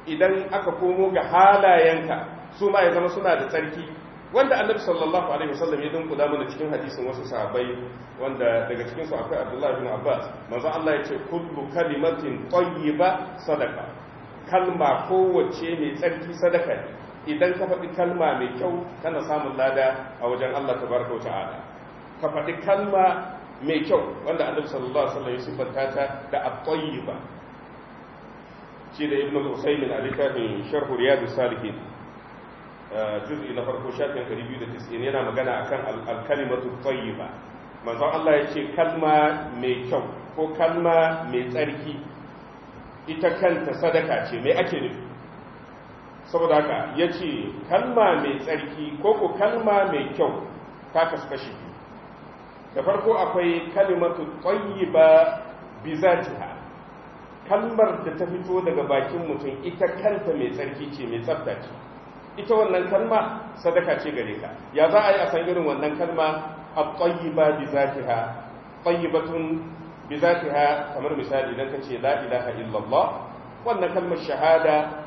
idan aka komo ga halayenka su ma ya zama suna da tsarki wanda annabi sallallahu alaihi wasallam ya da mun cikin hadisin wasu sahabbai wanda daga cikin su akwai Abdullah bin Abbas manzo Allah ya ce kullu kalimatin tayyiba sadaqa kalma kowace mai tsarki sadaka ne idan ka faɗi kalma mai kyau kana samun lada a wajen Allah Ta wata ala ka faɗi kalma mai kyau wanda annabi sallallahu alaihi wasallam ya sifanta ta da at-tayyiba shi da ibnu al-usaymin a littafin riyadus salihin ah, juz'i na farko shafin 290 yana magana akan al-kalimatu at-tayyiba manzon Allah ya ce kalma mai kyau ko kalma mai tsarki ita kanta sadaka ce mai ake nufi saboda haka ya ce kalma mai tsarki ko ku kalma mai kyau ta kaskashi. da farko akwai kalimatu ƙwayi ba bizatiha kalmar da ta fito daga bakin mutum ita kanta mai tsarki ce mai tsafta ce ita wannan kalma sadaka ce gare ka ya za a yi a san irin wannan kalma a ƙwayi ba bizatiha ƙwayi bizatiha kamar misali idan ka ce la ilaha illallah wannan kalmar shahada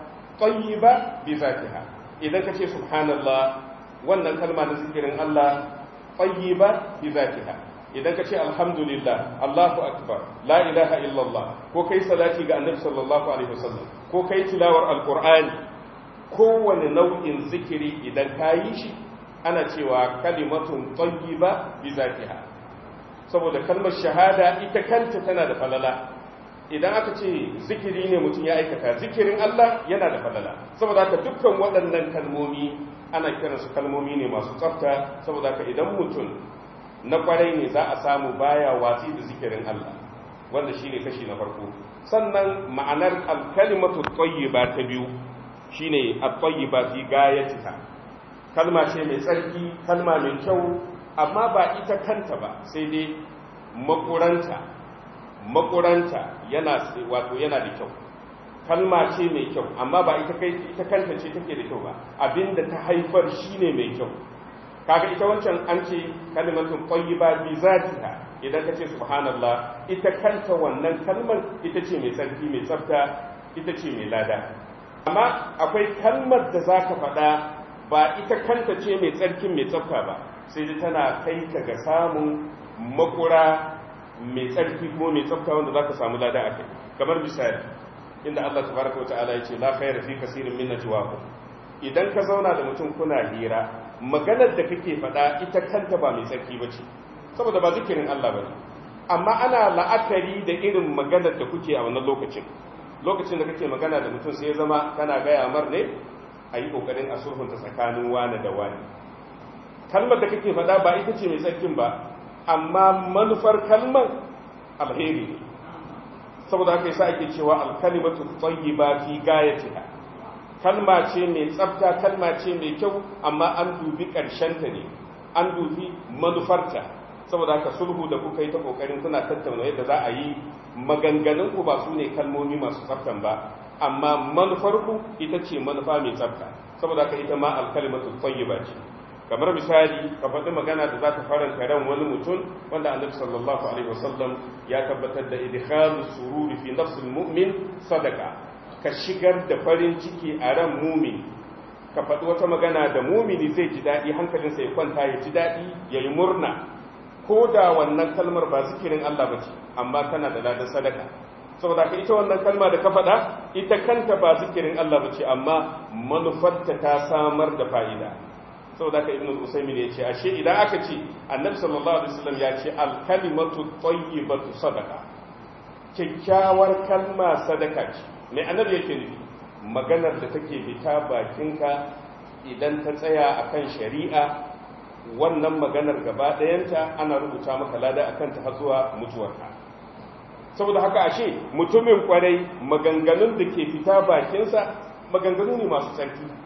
ba bi zatiha idan ka ce subhanallah wannan kalma da zikirin Allah ba bi zatiha idan ka ce alhamdulillah Allahu akbar la ilaha illallah ko kai salati ga annabi sallallahu alaihi wasallam ko kai tilawar alqur'ani kowane nau'in zikiri idan ka yi shi ana cewa kalimatun ba bi zatiha saboda kalmar shahada ita kanta tana da falala idan aka ce zikiri ne mutum ya aikata zikirin Allah yana da falala saboda haka dukkan waɗannan kalmomi ana su kalmomi ne masu tsafta saboda haka idan mutum na kwarai ne za a samu baya watsi da zikirin Allah wanda shine kashi na farko sannan ma'anar al-kalimatu tayyiba ta biyu shine at-tayyiba fi gayatiha kalma ce mai tsarki kalma mai kyau amma ba ita kanta ba sai dai makuranta makuranta yana wato yana da kyau kalma ce mai kyau amma ba ita kai ita kanta ce take da kyau ba abinda ta haifar shine mai kyau kaga ita wancan an ce kalimatun qayyiba bi zatiha idan ka ce subhanallah ita kanta wannan kalmar ita ce mai tsarki mai tsafta ita ce mai lada amma akwai kalmar da zaka faɗa ba ita kanta ce mai tsarkin mai tsafta ba sai tana kai ka ga samun makura mai tsarki kuma mai tsafta wanda za ka samu lada a kai kamar misali inda Allah tabaraka wata ala ya ce la khayra fi minna min najwaakum idan ka zauna da mutum kuna hira maganar da kake faɗa ita kanta ba mai tsarki ba ce. saboda ba zikirin Allah ba ne amma ana la'akari da irin maganar da kuke a wannan lokacin lokacin da kake magana da mutum sai ya zama kana gaya mar ne a yi ƙoƙarin a sulhunta tsakanin wani da wani kalmar da kake faɗa ba ita ce mai tsarkin ba amma manufar kalmar alheri saboda haka yasa ake cewa alkalimatu tayyiba fi gayatiha kalma ce mai tsafta kalma ce mai kyau amma an dubi ta ne an dubi manufarta saboda haka sulhu da kuka yi ta kokarin kuna tattauna yadda za a yi maganganun ku ba su ne kalmomi masu tsaftan ba amma manufar ku ita ce manufa mai tsafta saboda haka ita ma alkalimatu tayyiba ce kamar misali ka faɗi magana da za ta faranta ran wani mutum wanda annabi sallallahu alaihi wasallam ya tabbatar da idkhalu sururi fi nafsil mu'min sadaka ka shigar da farin ciki a ran mumin ka faɗi wata magana da mumini zai ji daɗi hankalinsa ya kwanta ya ji daɗi ya yi murna ko da wannan kalmar ba zikirin Allah bace amma tana da ladan sadaka saboda ka ita wannan kalma da ka faɗa ita kanta ba zikirin Allah bace amma manufarta ta samar da fa'ida saboda ka al usaymin ya ce ashe idan aka ce annabi sallallahu alaihi wasallam ya ce al kalimatu tayyibatu sadaqa kyakkyawar kalma sadaka ce me annabi yake nufi maganar da take fita bakinka idan ta tsaya akan shari'a wannan maganar gaba ɗayanta ana rubuta maka lada akan ta hazuwa mutuwarka saboda haka ashe mutumin kwarai maganganun da ke fita bakinsa maganganu ne masu tsarki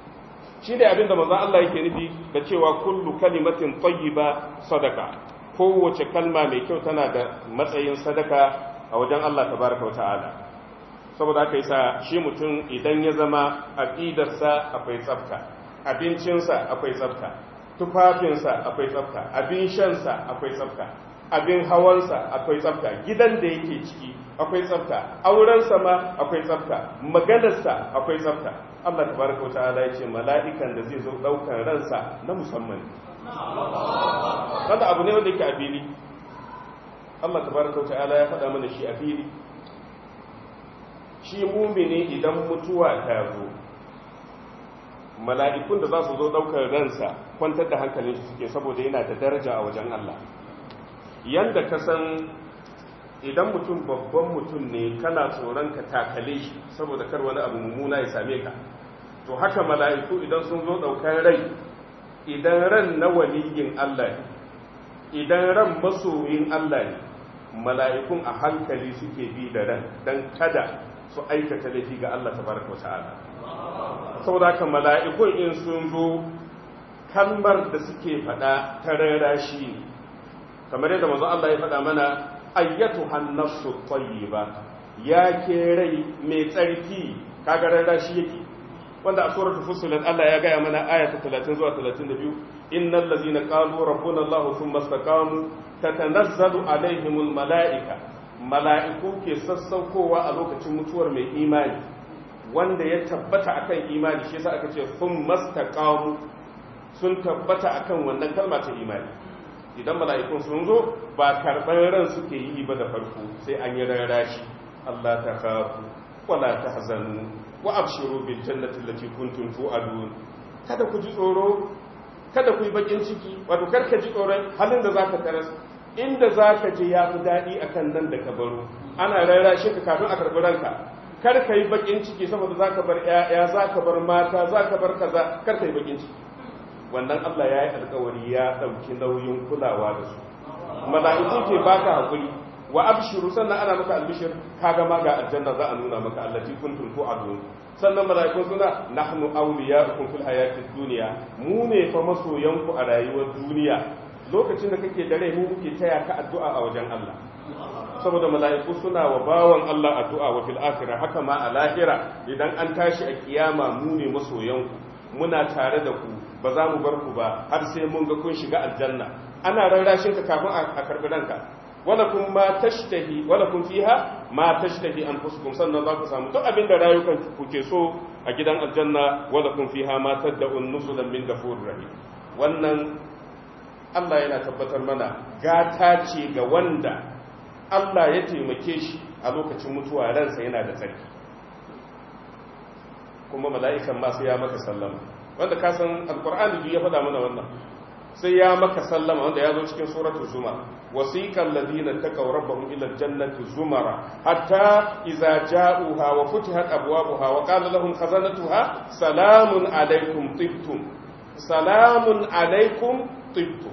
shi ne abinda maza Allah yake nufi da cewa kullu kalimatin tayyiba sadaka kowace kalma mai kyau tana da matsayin sadaka a wajen Allah tabaraka wa ta'ala saboda yi yasa shi mutum idan ya zama ƙidarsa akwai tsafta abincinsa akwai tsafta tufafinsa akwai tsafta abin shansa akwai tsafta abin hawansa akwai tsafta gidan da yake ciki akwai tsafta aurensa ma akwai tsafta maganarsa akwai tsafta Allah tabaraka wa ta'ala yace mala'ikan da zai zo daukan ransa na musamman kada abu ne wanda yake a fili Allah tabaraka wa ta'ala ya faɗa mana shi a fili shi mumini idan mutuwa ta zo mala'ikun da za su zo ɗaukar ransa kwantar da hankalin shi suke saboda yana da daraja a wajen Allah yanda ka san idan mutum babban mutum ne kana tsoron ka takale shi saboda kar wani abu mummuna ya same ka to haka mala'iku idan sun zo daukar rai idan ran na waliyin Allah idan ran masoyin Allah ne mala'ikun a hankali suke bi da ran dan kada su aikata laifi ga Allah tabaraka wata'ala saboda haka mala'ikun in sun zo kalmar da suke faɗa ta rara shi ne kamar yadda manzo Allah ya faɗa mana ayyatu hannasu ba ya ke rai mai tsarki kaga da shi yake wanda a suratul fusilat Allah ya gaya mana ayata 30 zuwa 32 na ladzina rabu na Allah ta istaqamu tatanazzalu alaihimul malaika mala'iku ke sassaukowa a lokacin mutuwar mai imani wanda ya tabbata akan imani shi sa aka ce masu istaqamu sun tabbata akan wannan kalma ta imani idan mala'ikun sun zo ba karɓar ran suke yi ba da farko sai an yi rarashi Allah ta kafu wala ta hazanu wa abshiru bil jannati allati kuntum tu'adun kada ku ji tsoro kada ku yi bakin ciki wato kar ka ji tsoron halin da zaka karas inda zaka je ya fi daɗi akan nan da ka baro ana shi ka kafin a karɓi ranka ka yi bakin ciki saboda zaka bar 'ya'ya zaka bar mata zaka bar kaza kar ka yi bakin ciki wannan Allah ya yi alkawari ya ɗauki nauyin kulawa da su mala'iku ke baka hakuri wa abshiru sannan ana maka albishir kaga ma ga aljanna za a nuna maka allati kuntum tu'adun sannan mala'iku suna nahnu awliya'ukum fil hayatid dunya mu ne fa masoyanku a rayuwar duniya lokacin da kake dare mu muke taya ka addu'a a wajen Allah saboda mala'iku suna wa bawan Allah addu'a wa fil akhirah haka ma a lahira idan an tashi a kiyama mu ne masoyanku muna tare da ku ba za mu bar ku ba har sai mun ga kun shiga aljanna ana rarrashin ka kafin a karbi ranka wala kun ma tashtahi wala kun fiha ma tashtahi anfusukum sannan za ku samu duk abin da rayukan ku ke so a gidan aljanna wala kun fiha ma tad'un nuzulan min ghafurur rahim wannan Allah yana tabbatar mana gata ce ga wanda Allah ya taimake shi a lokacin mutuwa ransa yana da tsarki kuma mala'ikan ma sai ya maka sallama wanda ka san alqur'ani duk ya faɗa mana wannan sai ya maka sallama wanda ya zo cikin suratul zumar wasiqal ladina taqaw rabbahum ila jannati zumara hatta idza ja'uha wa futihat abwabuha wa qala lahum khazanatuha salamun alaikum tibtum salamun alaykum tibtum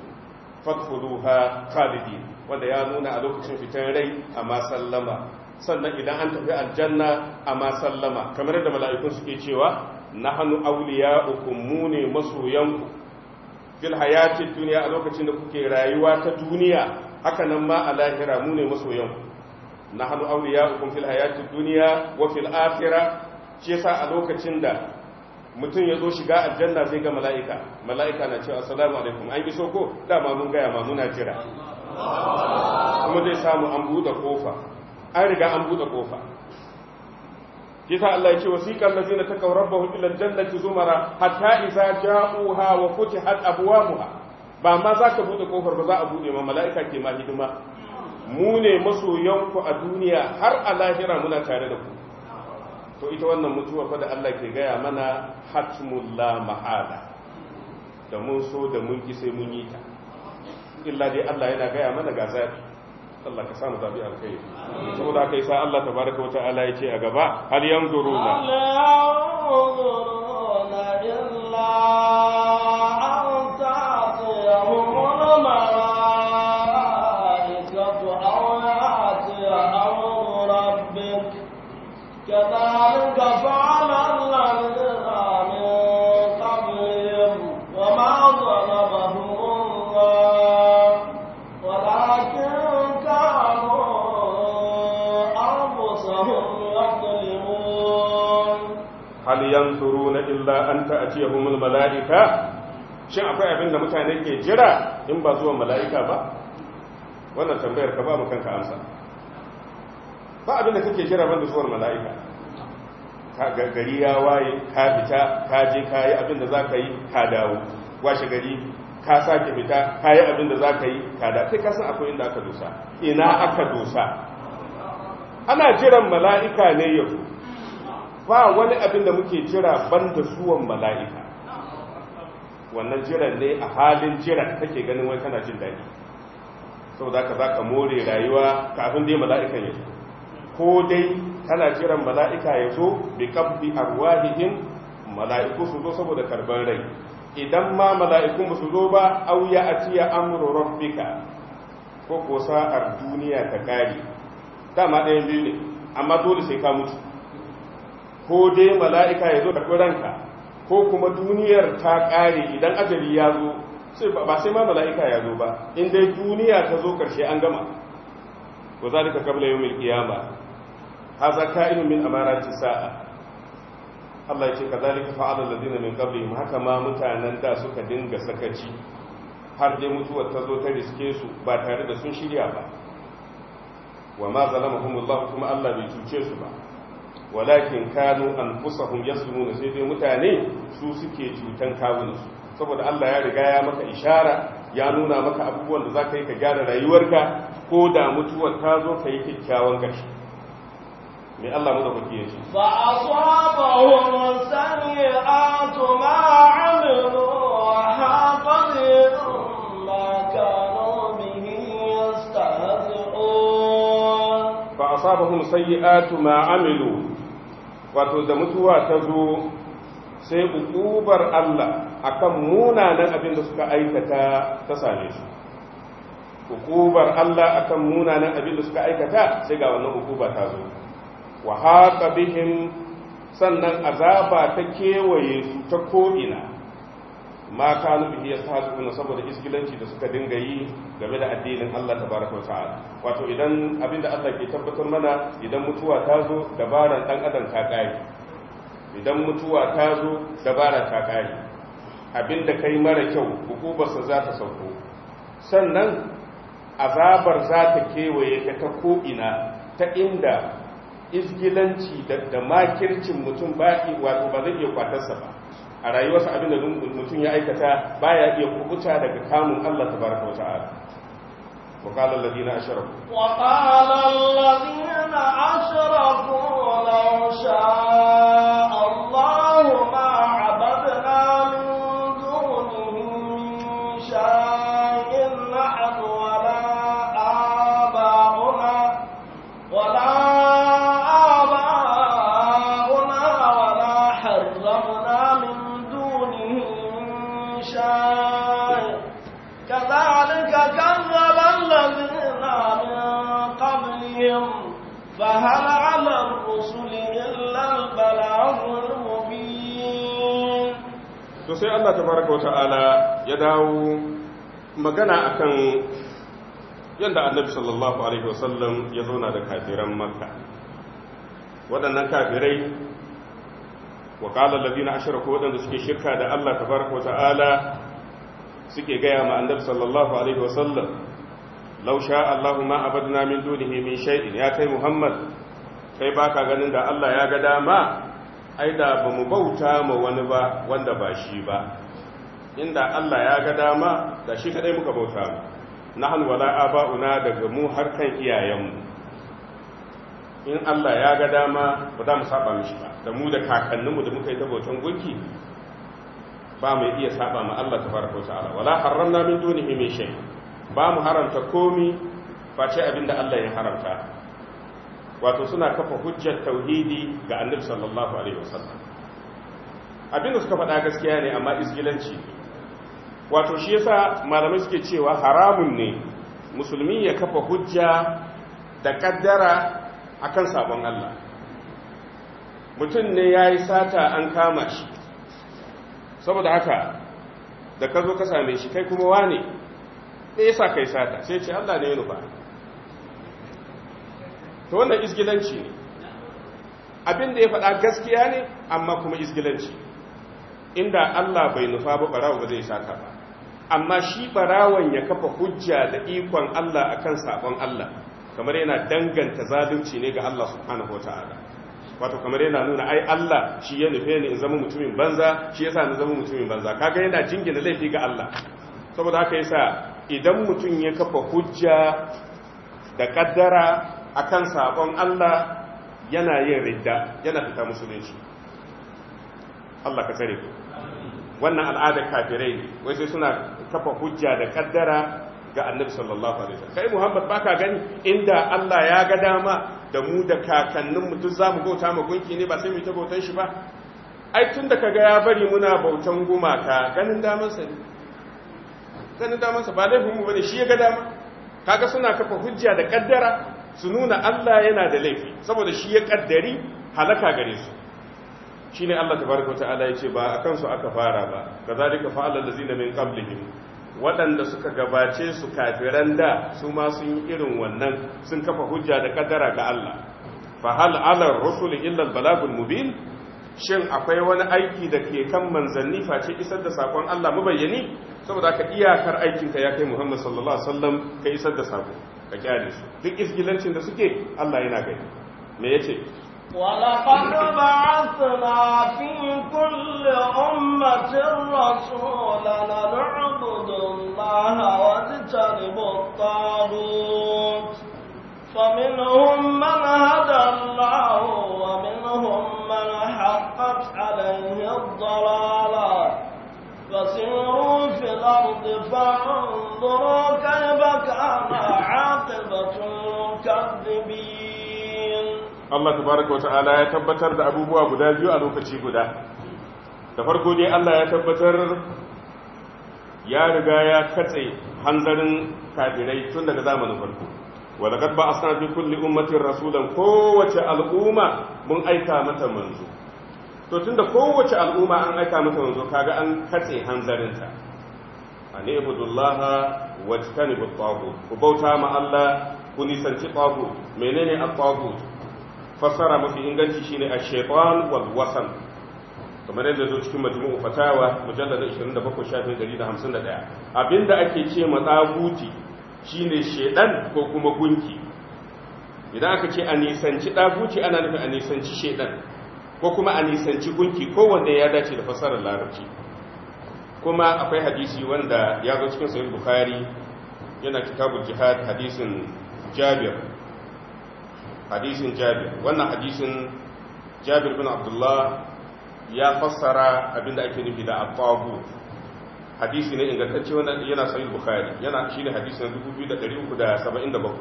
fadkhuluha khalidin wanda ya nuna a lokacin fitan rai amma sallama sannan idan an tafi aljanna a ma sallama kamar da mala'ikun suke cewa na hannu auliya uku mu ne masoyanku fil hayatin duniya a lokacin da kuke rayuwa ta duniya haka nan ma a lahira mu ne masoyanku na hannu auliya uku fil hayatin duniya wa fil afira ce sa a lokacin da mutum ya zo shiga aljanna zai ga mala'ika mala'ika na cewa assalamu alaikum an iso ko dama mun gaya ma muna jira kuma zai samu an buɗe kofa an riga an buɗe kofa kisa Allah ya ce wasiqal ladzina takaw rabbahum ila jannati zumara hatta iza ja'uha wa futihat abwabuha ba ma za ka buɗe kofar ba za a buɗe ma mala'ika ke ma hidima mu ne masoyanku a duniya har a lahira muna tare da ku to ita wannan mutuwa fa da Allah ke gaya mana hatmullah mahala da mun so da mun ki sai mun yi ta illa dai Allah yana gaya mana ga zabi Allah ka samu zabi alkhairi saboda aka sa Allah baraka wata ala ya ce a gaba hal yanzuruna la ta'tiyahumul mala'ika shin akwai abin da mutane ke jira in ba zuwa mala'ika ba wannan tambayar ka ba mu kanka amsa ba abin da kake jira banda zuwan mala'ika ka gari ya waye ka fita ka je ka yi abin da za ka yi ka dawo washe gari ka sake fita ka yi abin da za ka yi ka da kai kasan akwai inda aka dosa ina aka dosa ana jiran mala'ika ne yau ba wani abin da muke jira banda suwan mala'ika wannan jiran ne a halin jira kake ganin wani kana jin daɗi saboda ka za ka more rayuwa kafin dai mala'ikan ya zo ko dai kana jiran mala'ika ya zo bi kabbi arwahihin mala'iku su zo saboda karban rai idan ma mala’iku su zo ba auya a ciya amru rabbika ko ko sa'ar duniya ta kare dama ɗayan biyu ne amma dole sai ka mutu ko dai mala'ika ya zo karɓi ranka ko kuma duniyar ta ƙare idan ajali ya zo ba sai ma mala'ika ya zo ba in dai duniya ta zo ƙarshe an gama ko za duka kabla yau mai ƙiyama ha za ka inu min amarati sa'a Allah ce ka zalika fa'adar lalzina min kabla haka ma mutanen da suka dinga sakaci har dai mutuwar ta zo ta riske su ba tare da sun shirya ba wa ma zalamahumullahu kuma Allah bai cuce su ba walakin kanu anfusahum yasmuna sai dai mutane su suke cutan kawunansu saboda Allah ya riga ya maka ishara ya nuna maka abubuwan da zaka yi ka gyara rayuwarka ko da mutuwar ta zo ka yi kyakkyawan gashi mai Allah mu da kuke yace fa asabahum sayyi'atu ma 'amilu wa haqa ma kanu bihi yastahzi'un fa asabahum sayyi'atu ma Aminu. wato da mutuwa ta zo sai ukubar Allah akan munanan abin da suka aikata ta same su ukubar Allah akan munanan abin da suka aikata sai ga wannan ukuba ta zo wa haqa bihim sannan azaba ta kewaye su ta ko'ina ma kanu bihi yastahzi'una saboda isgilanci da suka dinga yi game da addinin Allah tabaraka wa ta'ala wato idan abinda Allah ke tabbatar mana idan mutuwa ta zo dabaran dan adam ta kai idan mutuwa ta zo dabara ta kai abinda kai mara kyau hukubarsa za ta sauko sannan azabar za ta kewaye ka ta ko ina ta inda isgilanci da makircin mutum ba wato ba zai iya kwatarsa ba a rayuwarsa abin da mutum ya aikata baya iya kubuta daga kamun Allah Ta wa ta'ala وقال الذين أشركوا وقال الذين أشركوا لو شاء sai Allah Ta Baraka wa ta'ala ya dawo magana a kan yadda annabi sallallahu alaihi wasallam ya zauna da kafiran maka. waɗannan kafirai wa na ashirar ko waɗanda suke shirka da Allah Ta Baraka wa ta'ala suke gaya ma annabi sallallahu alaihi wasallam law sha Allahu ma abadna min ne min shay'in ya kai Muhammad kai baka ganin da Allah ya ga dama ai da ba mu bauta ma wani ba wanda ba shi ba inda Allah ya ga dama da shi kadai muka bauta mu nahnu wala aba'una daga mu har kan iyayenmu in Allah ya ga dama ba za mu saba mishi ba da mu da kakanninmu da muka yi ta bautan gunki ba mu iya saba ma Allah ta tabaraka ala wala haramna min dunihi min shay ba mu haramta komi face abinda Allah ya haramta wato suna kafa hujjar tauhidi ga annabi sallallahu alaihi wasallam abin da suka faɗa gaskiya ne amma isgilanci wato shi yasa malamai suke cewa haramun ne musulmi ya kafa hujja da kaddara akan sabon Allah mutum ne yayi sata an kama shi saboda haka da ka zo ka same shi kai kuma wane me yasa kai sata sai ce Allah ne ya nufa to wannan izgilanci ne abin da ya faɗa gaskiya ne amma kuma izgilanci inda Allah bai nufa ba barawo ba zai saka ba amma shi barawon ya kafa hujja da ikon Allah akan sabon Allah kamar yana danganta zalunci ne ga Allah subhanahu wataala wato kamar yana nuna ai Allah shi ya nufe ni in zama mutumin banza shi yasa ni zama mutumin banza kaga yana jingina laifi ga Allah saboda haka yasa idan mutum ya kafa hujja da kaddara akan saƙon Allah yana yin ridda yana fita musulunci Allah ka tsare ku wannan al'adar kafirai ne wai sai suna kafa hujja da kaddara ga annabi sallallahu alaihi wasallam kai muhammad baka gani inda Allah ya ga dama da mu da kakannin mu duk zamu bauta ma gunki ne ba sai mu ta bautan shi ba ai tun da kaga ya bari muna bautan gumaka ganin daman sa ne ganin daman sa ba laifin mu bane shi ya ga dama kaga suna kafa hujja da kaddara su nuna Allah yana da laifi saboda shi ya kaddari halaka gare su ne Allah tabaraka ta'ala ce ba a kansu aka fara ba ka fa'ala allazina min qablihim waɗanda suka gabace su kafiran da su ma sun yi irin wannan sun kafa hujja da kaddara ga Allah fa hal alar rusul illa al balagul mubin shin akwai wani aiki da ke kan manzanni face isar da sakon Allah bayyani saboda ka iyakar aikinka ya kai Muhammad sallallahu alaihi wasallam ka isar da sako ka kyale su duk isgilancin da suke Allah yana gani me yace ولقد بعثنا في كل أمة رسولا نعبد الله واجتنب الطاغوت فمنهم من هدى الله ومنهم من حقت عليه الضلاله فسيروا في الأرض فانظروا كيف كان عاقبة المكذبين Allah tabaraka wa ya tabbatar da abubuwa guda biyu a lokaci guda da farko dai Allah ya tabbatar ya riga ya katse hanzarin kafirai tun daga zamanin farko wa laqad ba'athna fi kulli ummatin rasulan kowace al'umma mun aika mata manzo to tunda kowace al'umma an aika mata manzo kaga an katse hanzarinta an ibudullaha wajtanibu at ku bauta ma Allah ku nisanci taghut menene at-taghut fassara mafi inganci shine ash-shaytan wal wasan kamar yadda zo cikin majmu'u fatawa mujallad 27 shafin 151 abinda ake ce ma tsaguti shine shedan ko kuma gunki idan aka ce a nisanci tsaguti ana nufin a nisanci shedan ko kuma a nisanci gunki kowanne ya dace da fasarar larabci kuma akwai hadisi wanda ya zo cikin sahih bukhari yana kitabul jihad hadisin jabir hadisin jabir wannan hadisin jabir bin abdullah ya fassara abinda ake nufi da at hadisi ne ingantacce wanda yana sahih bukhari yana shine hadisin 2377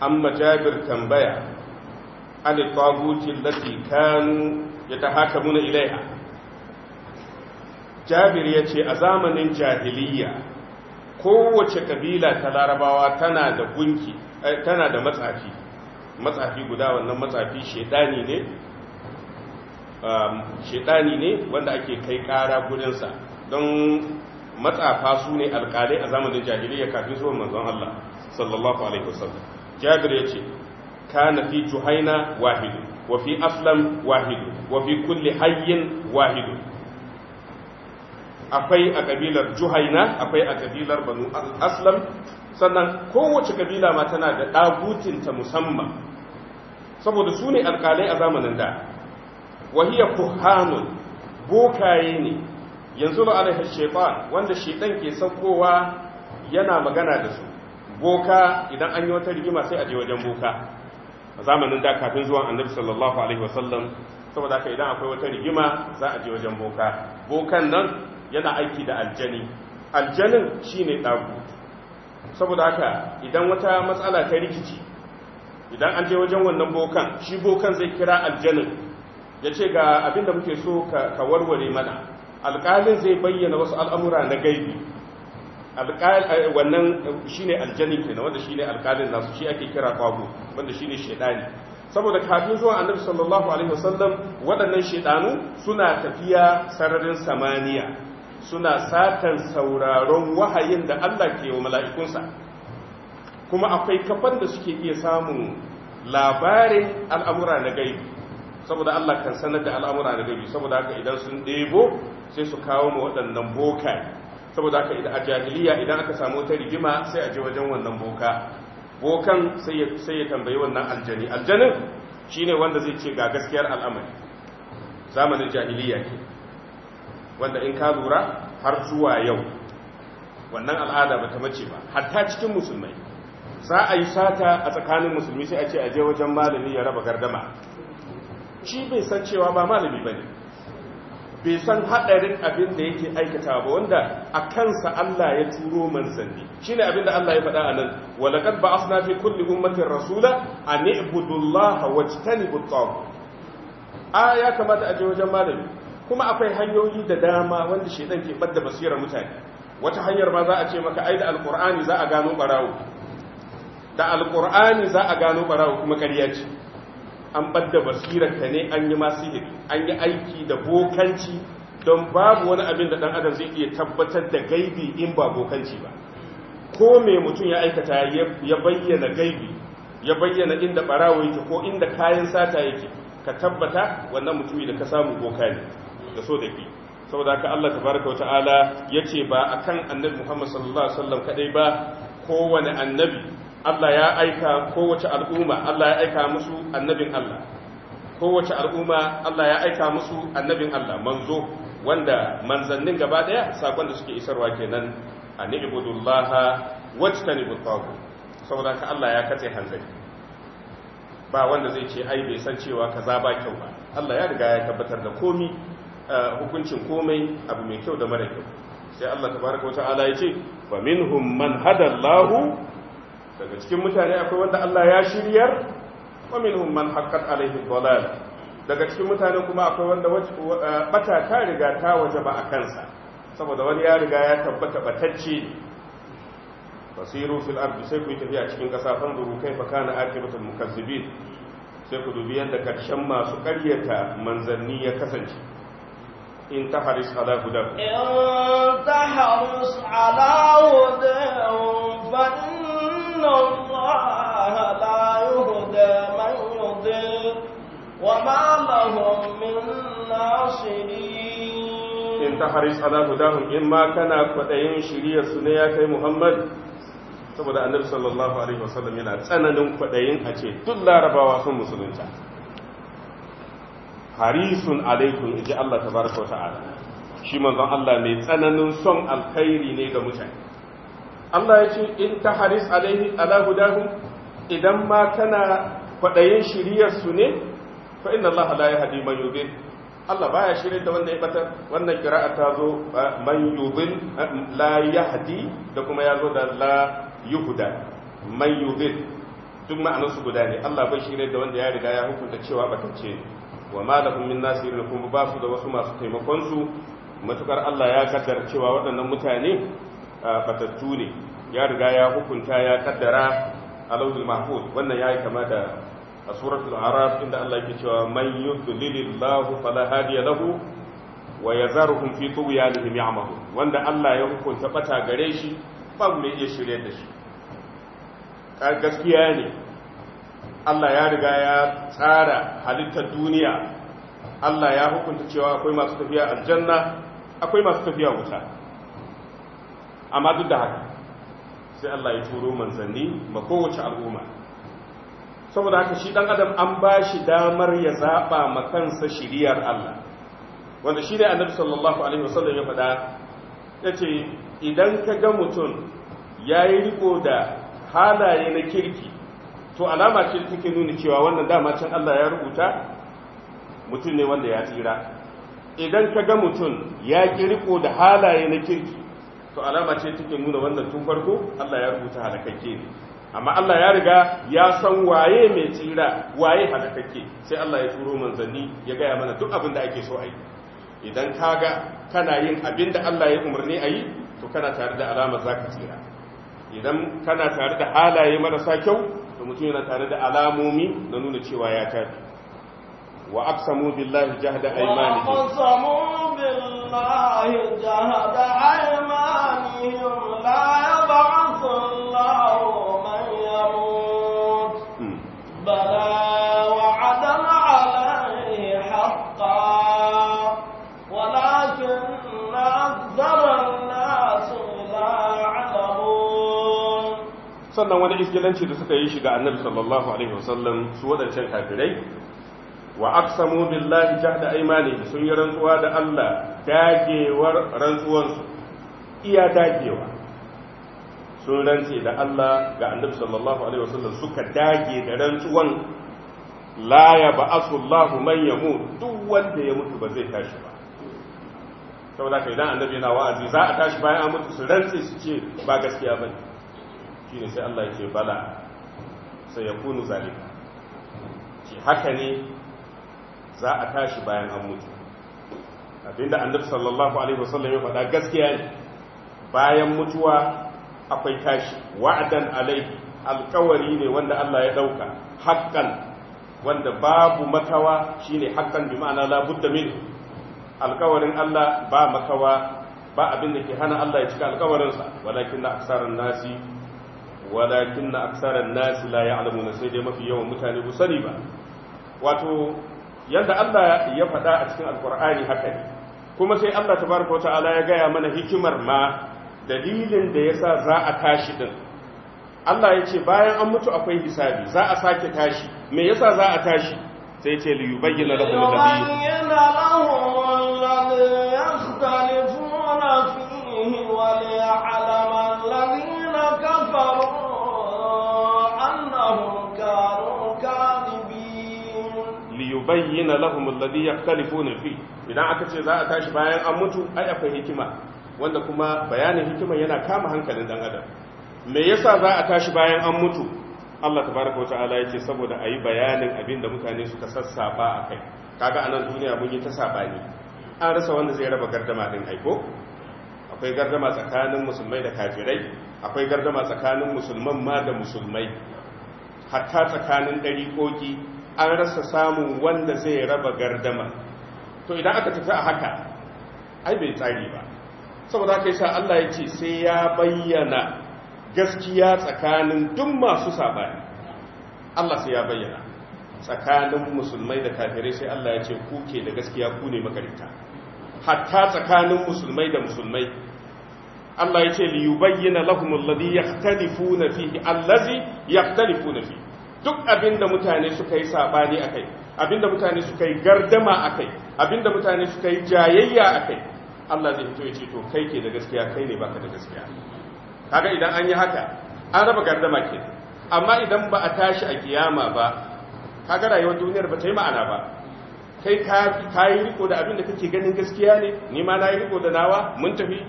amma jabir tambaya عن الطاغوت التي كانوا يتحاكمون إليها جابر يتي أزامن جاهلية kowace kabila ta larabawa tana da gunki tana da matsafi matsafi guda wannan matsafi shedani ne shedani ne wanda ake kai kara gudunsa don matsafa su ne alkalai a zamanin jahiliya kafin zuwan manzon Allah sallallahu alaihi wasallam jabir ya ce kana fi juhaina wahidu wa fi aslam wahidu wa fi kulli hayyin wahidu akwai a kabilar juhaina akwai a kabilar aslam sannan kowace kabila ma tana da ɗab'utinta musamman saboda su ne alƙalai a zamanin da wahiyar kuhanun bokaye ne yanzu ba alaihar shekwan wanda shekan ke saukowa yana magana da su boka idan an yi wata rigima sai a je wajen boka a zamanin da kafin zuwan annabi sallallahu alaihi wasallam saboda haka idan akwai wata rigima za a je wajen boka bokan nan yana aiki da aljani aljanin shine dagu saboda haka idan wata matsala ta rikici idan an je wajen wannan bokan shi bokan zai kira aljanin ya ce ga abinda muke so ka warware mana alƙalin zai bayyana wasu al'amura na gaibi Eh, wannan eh, shi ne aljanin na wanda shi ne alƙalin nasu shi ake kira kwago wanda shi ne shaidani saboda kafin zuwa annabi sallallahu alaihi wasallam waɗannan shaidanu suna tafiya sararin samaniya suna satan sauraron wahayin da Allah ke wa mala'ikunsa kuma akwai kafan da suke iya samun labarin al'amura na gaibi saboda Allah kan sanar da al'amura na gaibi saboda haka idan sun ɗebo sai su kawo ma waɗannan bokai saboda haka idan a jahiliya idan aka samu ta rigima sai a je wajen wannan boka bokan sai ya tambayi wannan aljani aljanin shine wanda zai ce ga gaskiyar al'amari zamanin jahiliya ke wanda in ka lura har zuwa yau wannan al'ada bata mace ba hatta cikin musulmai za a yi sata a tsakanin musulmi sai a ce a je wajen malami ya raba gardama shi bai san cewa ba malami ba ne. bai san haɗarin abin da yake aikata ba wanda a kansa Allah ya turo manzanni ne abin da Allah ya faɗa a nan walaqad ba'athna fi kulli ummatin rasula an i'budu Allah wajtanibu at-taghut a ya kamata a je wajen malami kuma akwai hanyoyi da dama wanda shedan ke badda basirar mutane wata hanyar ma za a ce maka ai da alqur'ani za a gano barawo da alqur'ani za a gano ɓarawo kuma ƙarya ce an ɓadda basirarka ne an yi masihiri an yi aiki da bokanci don babu wani abin da ɗan adam zai iya tabbatar da gaibi in ba bokanci ba ko mai mutum ya aikata ya bayyana gaibi ya bayyana inda ɓarawo yake ko inda kayan sata yake ka tabbata wannan mutumi da ka samu boka ne da so da ke saboda haka Allah tabaraka wa ta'ala yace ba akan annabi Muhammad sallallahu alaihi wasallam kadai ba kowane annabi Allah ya aika kowace al'umma Allah ya aika musu annabin Allah kowace al'umma Allah ya aika musu annabin Allah manzo wanda manzannin gaba daya sakon da suke isarwa kenan a ne wajtanibu tagut saboda ka Allah ya kace hanzari ba wanda zai ce ai bai san cewa kaza ba kyau ba Allah ya riga ya tabbatar da komi eh, hukuncin komai abu mai kyau da mara kyau sai Allah tabaraka wa ta'ala ya ce fa minhum man hadallahu daga cikin mutane akwai wanda Allah ya shiryar wa minhum man haqqat alaihi dhalal daga cikin mutane kuma akwai wanda eh, bata ta riga ta waje ba a kansa saboda wani ya riga ya tabbata batacce basiru fil ardi sai ku yi tafiya cikin ƙasa kai fa kana akibatul mukazzibin sai ku dubi yadda ƙarshen masu ƙaryata manzanni ya kasance in ta haris ala guda in ta haris ala guda إن الله لا يهدى من يضل وما لهم من ناصرين in ta haris ala hudahum in ma kana kwadayin shiriyar su ne ya kai Muhammad saboda annabi sallallahu alaihi wasallam yana tsananin kwadayin a ce duk larabawa sun musulunta harisun alaikum inji Allah tabaraka wa ta'ala shi manzon Allah mai tsananin son alkhairi ne ga mutane Allah ya ce in ta haris alaihi ala hudahum idan ma kana kwaɗayin shiriyar ne fa inna Allah la yahdi man yudhil Allah baya shirye da wanda ya bata wannan kira'a ta zo man yudhil la hadi da kuma ya zo da la yuhuda man yudhil duk ma'anar su guda ne Allah bai shirye da wanda ya riga ya hukunta cewa ce wa ma lahum min nasirin kuma ba su da wasu masu taimakon su matukar Allah ya kaddara cewa waɗannan mutane fatattu ne ya riga ya hukunta ya kaddara a lauzul mahfuz wannan yayi kama da a suratul araf inda Allah yake cewa man yudlilillahu fala hadiya lahu wa yazaruhum fi tughyanihim ya'mahun wanda Allah ya hukunta bata gare shi ba mu iya shirye da shi gaskiya ne Allah ya riga ya tsara halittar duniya Allah ya hukunta cewa akwai masu tafiya aljanna akwai masu tafiya wuta amma duk da haka sai Allah ya turo manzanni ma kowace al'umma saboda haka shi dan adam an ba shi damar ya zaba ma kansa shiriyar Allah wanda shi ne annabi sallallahu alaihi wasallam ya faɗa yace idan ka ga mutum yayi riko da halaye na kirki to alama ce take nuna cewa wannan dama can Allah ya rubuta mutum ne wanda ya tsira idan ka ga mutum ya ƙi riko da halaye na kirki to alama ce take nuna wannan tun farko Allah ya rubuta halakakke ne amma Allah ya riga ya san waye mai tsira waye halakakke sai Allah ya turo manzanni ya gaya mana duk abin da ake so a yi idan ka ga kana yin abin da Allah ya umarni a yi to kana tare da alama za ka tsira idan kana tare da halaye marasa kyau to mutum yana tare da alamomi na nuna cewa ya tafi وأقسموا بالله جهد أيمانهم وأقسموا بالله جهد أيمانهم لا يبعث الله من يموت بلى وعدا عليه حقا ولكن أكثر الناس لا يعلمون صلى الله عليه وسلم صلى الله عليه وسلم sallallahu alaihi wasallam su wa aqsamu billahi jahda aymani sun yi rantsuwa da Allah dagewar rantsuwansu iya dagewa sun rantse da Allah ga annabi sallallahu alaihi wasallam suka dage da rantsuwan la ya ba'asu Allah man yamu duk wanda ya mutu ba zai tashi ba saboda kai dan annabi yana wa'azi za a tashi bayan an mutu su rantse su ce ba gaskiya bane shine sai Allah ce bala sai ya kunu zalika ce haka ne za a tashi bayan an mutu abinda annabi sallallahu alaihi wasallam ya faɗa gaskiya ne bayan mutuwa akwai tashi wa'adan alai alkawari ne wanda Allah ya dauka haƙƙan wanda babu makawa shine haƙƙan bi ma'ana la budda min alkawarin Allah ba makawa ba abin da ke hana Allah ya cika sa walakin na aksaran nasi walakin na aksaran nasi la ya'lamuna sai dai mafi yawan mutane ba sani ba wato yadda Allah ya faɗa a cikin alkur'ani haka ne kuma sai Allah ta tabaraka wata'ala ya gaya mana hikimar ma dalilin da ya sa za a tashi din Allah ya ce bayan an mutu akwai hisabi za a sake tashi me ya sa za a tashi sai ce li yubayyana lahum alladhi yakhtalifuna bayyana lahum alladhi yakhtalifuna fi idan aka ce za a tashi bayan an mutu ai akwai hikima wanda kuma bayanin hikima yana kama hankalin dan adam me yasa za a tashi bayan an mutu Allah tabaraka wa ta'ala yace saboda ayi bayanin abin da mutane suka sassaba akai kaga anan duniya mun yi ta sabani an rasa wanda zai raba gardama din aiko akwai gardama tsakanin musulmai da kafirai akwai gardama tsakanin musulman ma da musulmai hatta tsakanin koki an rasa samun wanda zai raba gardama to idan aka tafi a haka ai bai tsari ba saboda haka sa, Allah ya ce sai ya bayyana gaskiya tsakanin duk masu sabani Allah sai ya bayyana tsakanin musulmai da kafirai sai Allah ya ce ku ke da gaskiya ku ne makarita hatta tsakanin musulmai da musulmai Allah ya ce bayyana lahumul ladhi yaktalifuna fihi allazi yaktalifuna fihi duk abin da mutane suka yi saɓani a kai abin da mutane suka yi gardama a kai abin da mutane suka yi jayayya a kai Allah zai fito ya ce to kai ke da gaskiya kai ne baka da gaskiya kaga idan an yi haka an raba gardama ke amma idan ba a tashi a kiyama ba kaga rayuwar duniyar ba ta yi ma'ana ba kai ka yi riko da abin da kake ganin gaskiya ne ni ma na yi riko da nawa mun tafi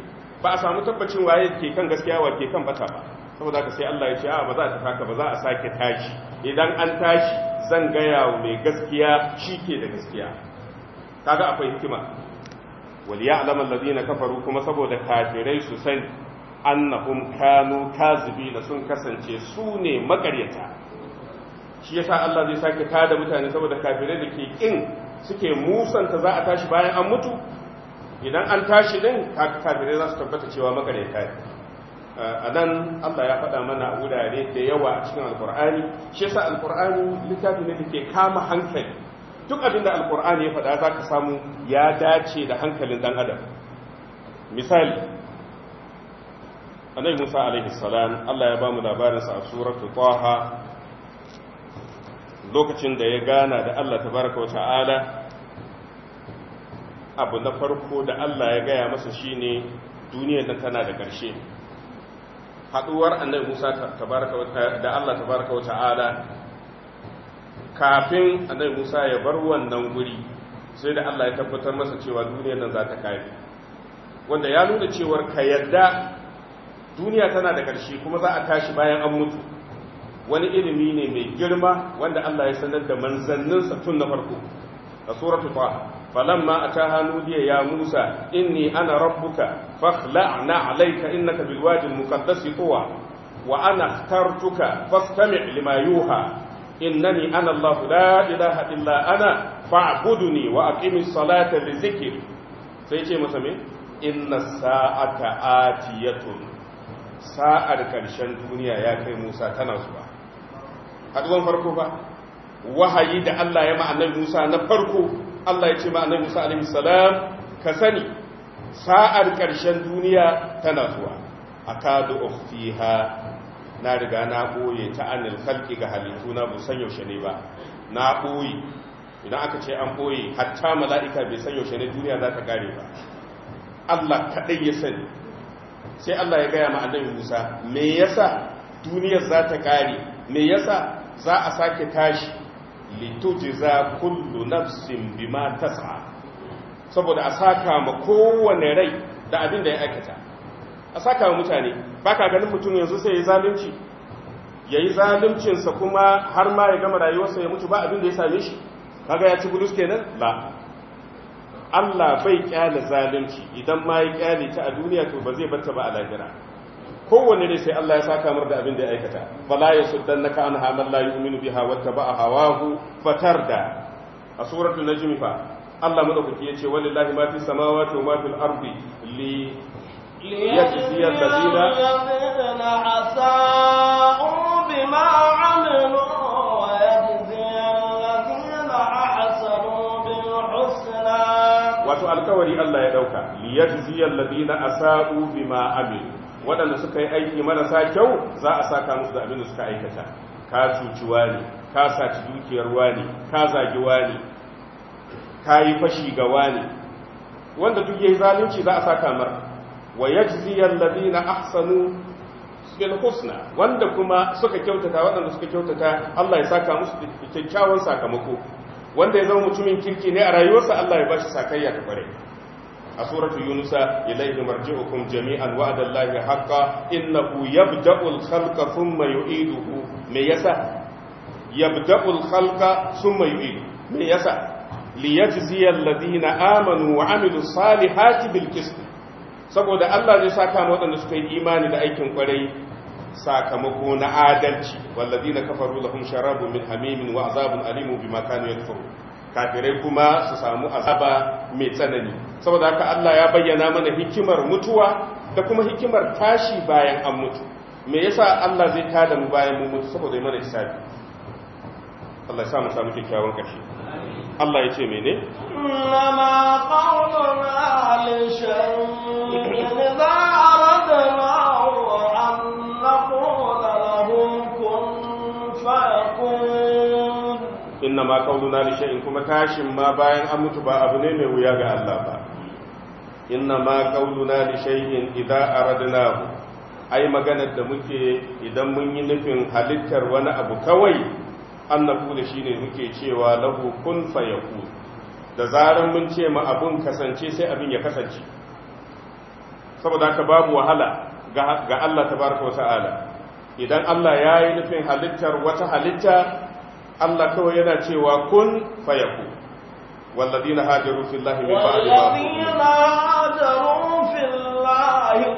ba a samu tabbacin waye ke kan gaskiya wa ke kan bata ba saboda ka sai Allah ya ce a ba za a taka ba za a sake tashi idan an tashi zan gaya wa mai gaskiya shi ke da gaskiya kaga akwai hikima wal ya'lamu alladhina kafaru kuma saboda kafirai su sani annahum kanu kazibina sun kasance su ne makaryata shi yasa Allah zai sake tada mutane saboda kafirai da ke kin suke musanta za a tashi bayan an mutu idan an tashi din kafirai za su tabbata cewa makaryata ne a nan Allah ya faɗa mana wurare da yawa a cikin alkur'ani shi yasa alkur'ani littafi ne da ke kama hankali duk abin da alkur'ani ya faɗa za ka samu ya dace da hankalin ɗan adam misali annabi musa alaihi salam Allah ya ba mu labarin labarinsa a suratul taha lokacin da ya gana da Allah tabaraka wa ta'ala abu na farko da Allah ya gaya masa shine duniyar nan tana da ƙarshe haduwar annabi Musa da Allah tabaraka wa ta'ala kafin annabi Musa ya bar wannan guri sai da Allah ya tabbatar masa cewa duniyar nan za ta kai wanda ya nuna cewar ka yadda duniya tana da ƙarshe kuma za a tashi bayan an mutu wani ilimi ne mai girma wanda Allah ya sanar da manzanninsa tun na farko a suratul فلما أتاها نودي يا موسى إني أنا ربك فاخلعنا عليك إنك بالوادي المقدس طوى وأنا اخترتك فاستمع لما يوحى إنني أنا الله لا إله إلا أنا فاعبدني وأقم الصلاة لذكري سيتي مسمي إن الساعة آتية sa'ar ƙarshen duniya ya kai Musa tana zuwa. Haɗuwan farko ba, wahayi da Allah ya ma'anar Musa na farko Allah ya ce ma annabi Musa alaihi salam ka sani sa'ar ƙarshen duniya tana zuwa akadu ukhfiha na riga na ɓoye ta anil khalqi ga halittu na bu san yaushe ne ba na ɓoye idan aka ce an ɓoye hatta mala'ika bai san yaushe ne duniya za ta kare ba Allah kaɗai ya sani sai Allah ya gaya ma annabi Musa me yasa duniyar za ta kare me yasa za a sake tashi litujza kullu nafsin bima tas'a saboda a saka ma kowane rai da abin da ya aikata a saka ma mutane baka ganin mutum yanzu sai ya zalunci yayi zaluncin sa kuma har ma ya gama rayuwarsa ya mutu ba abin da ya same shi kaga ya ci bulus kenan la Allah bai kyale zalunci idan ma ya kyale ta a duniya to ba zai barta ba a lahira kowanne ne sai Allah ya saka mar da abin da ya aikata fala yasuddannaka an hamal la yu'minu biha wattaba'a hawahu fatarda a suratul najm fa Allah madaukaki yace wallahi ma fi samawati wa ma fil ardi li ليجزي الذين أساءوا بما عملوا ويجزي الذين أحسنوا بالحسنى وتو الكوري الله يدوك ليجزي الذين أساءوا بما عملوا waɗanda suka yi aiki marasa kyau za a saka musu da abin da suka aikata ka cuci wani ka saci dukiyar wani ka zagi wani ka yi fashi ga wani wanda duk yayi zalunci za a saka mar wa yajziyal ladina ahsanu bil husna wanda kuma suka kyautata waɗanda suka kyautata Allah ya saka musu da kyakkyawan sakamako wanda ya zama mutumin kirki ne a rayuwarsa Allah ya bashi sakayya ta kware a suratu yunusa ilayhi marji'ukum jami'an wa'ada allahi haqqan innahu yabda'u al-khalqa thumma yu'iduhu me yasa yabda'u khalqa thumma yu'idu me yasa liyajziya alladhina amanu wa 'amilus salihati bil qist saboda Allah zai saka mu waɗanda suka yi imani da aikin kwarai sakamako na adalci wallazina kafaru lahum sharabun min hamimin wa azabun alimun bima kanu yakfurun kafirai kuma su samu azaba mai tsanani saboda haka Allah ya bayyana mana hikimar mutuwa da kuma hikimar tashi bayan an mutu me yasa Allah zai tada mu bayan mu mutu saboda mana hisabi Allah ya sa mu samu kyakkyawan kashi Allah ya ce mene lama qawluna inna ma qawluna li shay'in kuma tashin ma bayan an mutu ba abu ne mai wuya ga Allah ba inna ma qawluna li shay'in idza aradnahu ai maganar da muke idan mun yi nufin halittar wani abu kawai annabu da shine muke cewa lahu kun fayaku da zaran mun ce ma abun kasance sai abin ya kasance saboda haka babu wahala ga Allah tabaraka wa ta'ala idan Allah ya yi nufin halittar wata halitta Allah kawai yana cewa kun fayaku والذين هاجروا في الله من بعد ما والذين هاجروا في الله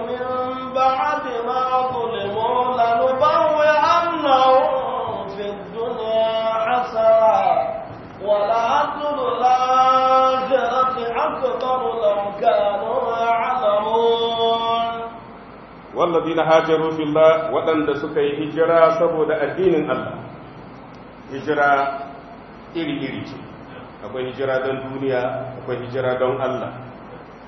من بعد ما ظلموا لنبوئنهم في الدنيا حسنة ولأجر الآخرة أكبر لو كانوا يعلمون والذين هاجروا في الله وأن سكي هجرا سبود الدين الله hijira iri-iri ce akwai hijira don duniya akwai hijira don Allah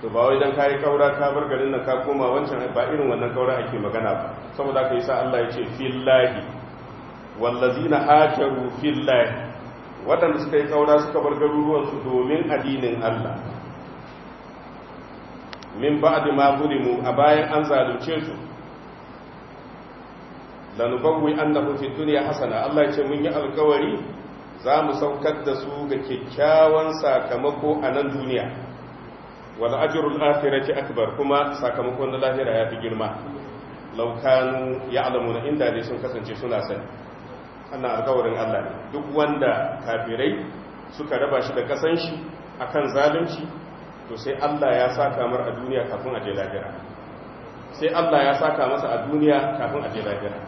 to ba wai don kayi kaura ka bar garin nan ka koma wancan ba irin wannan kaura ake magana ba saboda ka sa Allah ya ce fillahi wallazina hajaru fillahi waɗanda suka yi kaura suka bar garuruwansu domin addinin Allah min ba'di ma zulimu a bayan an zalunce su da nubawwi annahu fi dunya hasana Allah ya ce mun yi alkawari za mu saukar da su ga kyakkyawan sakamako a nan duniya wal ajrul akhirati akbar kuma sakamakon na lahira ya fi girma law kanu na inda dai sun kasance suna sani ana alkawarin Allah ne duk wanda kafirai suka raba shi da kasan shi akan zalunci to sai Allah ya saka mar a duniya kafin a je lahira sai Allah ya saka masa a duniya kafin a je lahira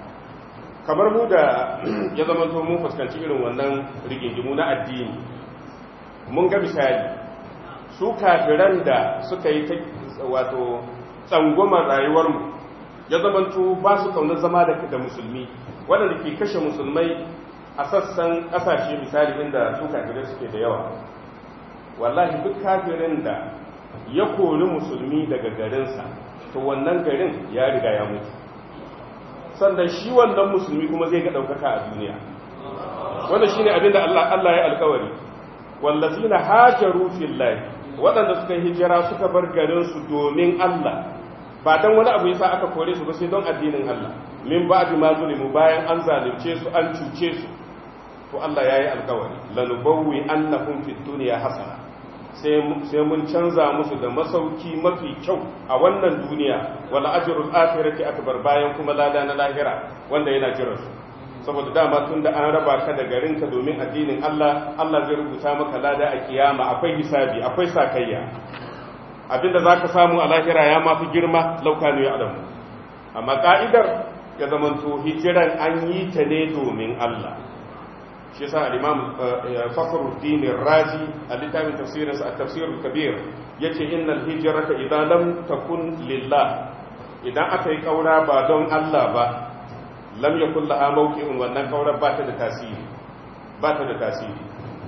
kamar mu da ya zama to mun fuskanci irin wannan rigingimu na addini mun ga misali su kafiran da suka yi ta wato tsangwamar rayuwarmu ya zama to ba su kaunar zama da musulmi waɗanda ke kashe musulmai a sassan ƙasashe misali inda su kafirai suke da yawa wallahi duk kafirin da ya kori musulmi daga garinsa to wannan garin ya riga ya mutu sannan shi wannan musulmi kuma zai ga daukaka a duniya wanda shi ne abinda Allah ya alkawari wallazina na hajaru fillahi waɗanda suka hijira suka bar su domin Allah ba dan wani abu yasa aka kore su ba sai don addinin Allah min ba bi mazulimu bayan an zalunce su an cuce su to Allah yayi alkawari lanubawwi annakum fid dunya hasana sai mun canza musu da masauki mafi kyau a wannan duniya wala ajrul akhirati akbar bayan kuma lada na lahira wanda yana jiran su saboda dama tun da an raba ka da garin ka domin addinin Allah Allah zai rubuta maka lada a kiyama akwai hisabi akwai sakayya abinda za ka samu a lahira ya mafi girma laukanu ya adamu amma ka'idar ya zamanto hijiran an yi ta ne domin Allah shi yasa al-imam eh, eh, Fakhruddin Razi a littafin tafsirinsa a tafsirul kabir yace innal hijrata idza lam takun lillah idan aka yi kaura ba don Allah ba lam yakun laha mawqi'un wannan kaurar ba ta da tasiri ba ta da tasiri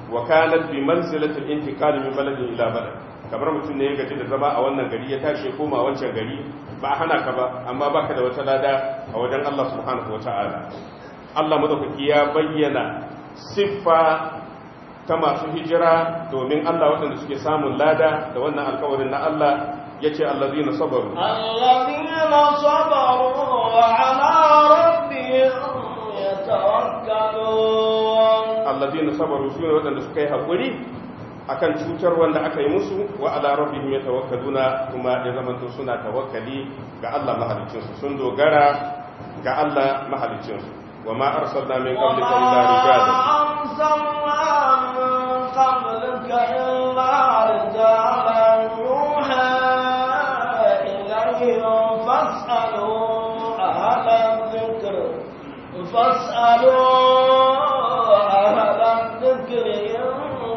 wa kanat bi manzilati al-intiqal min baladin ila balad kamar mutum ne ya gaji da zama a wannan gari ya tashi koma wancan gari ba a hana ka ba amma baka da wata lada a wajen Allah subhanahu wa ta'ala Allah madaukaki ya bayyana siffa ta masu hijira domin Allah waɗanda suke samun lada da wannan alkawarin na Allah ya ce allazina sabaru allazina sabaru wa ala rabbihim yatawakkalun allazina sabaru su ne waɗanda suka yi a kan cutar wanda aka yi musu wa ala rabbihim yatawakkaluna kuma ya zamanto suna tawakkali ga Allah mahaliccinsu sun dogara ga Allah mahaliccinsu وما أرسلنا من قبلك إلا رجالا وما أرسلنا من قبلك إلا رجالا يوحى إليهم فاسألوا أهل الذكر فاسألوا أهل الذكر إن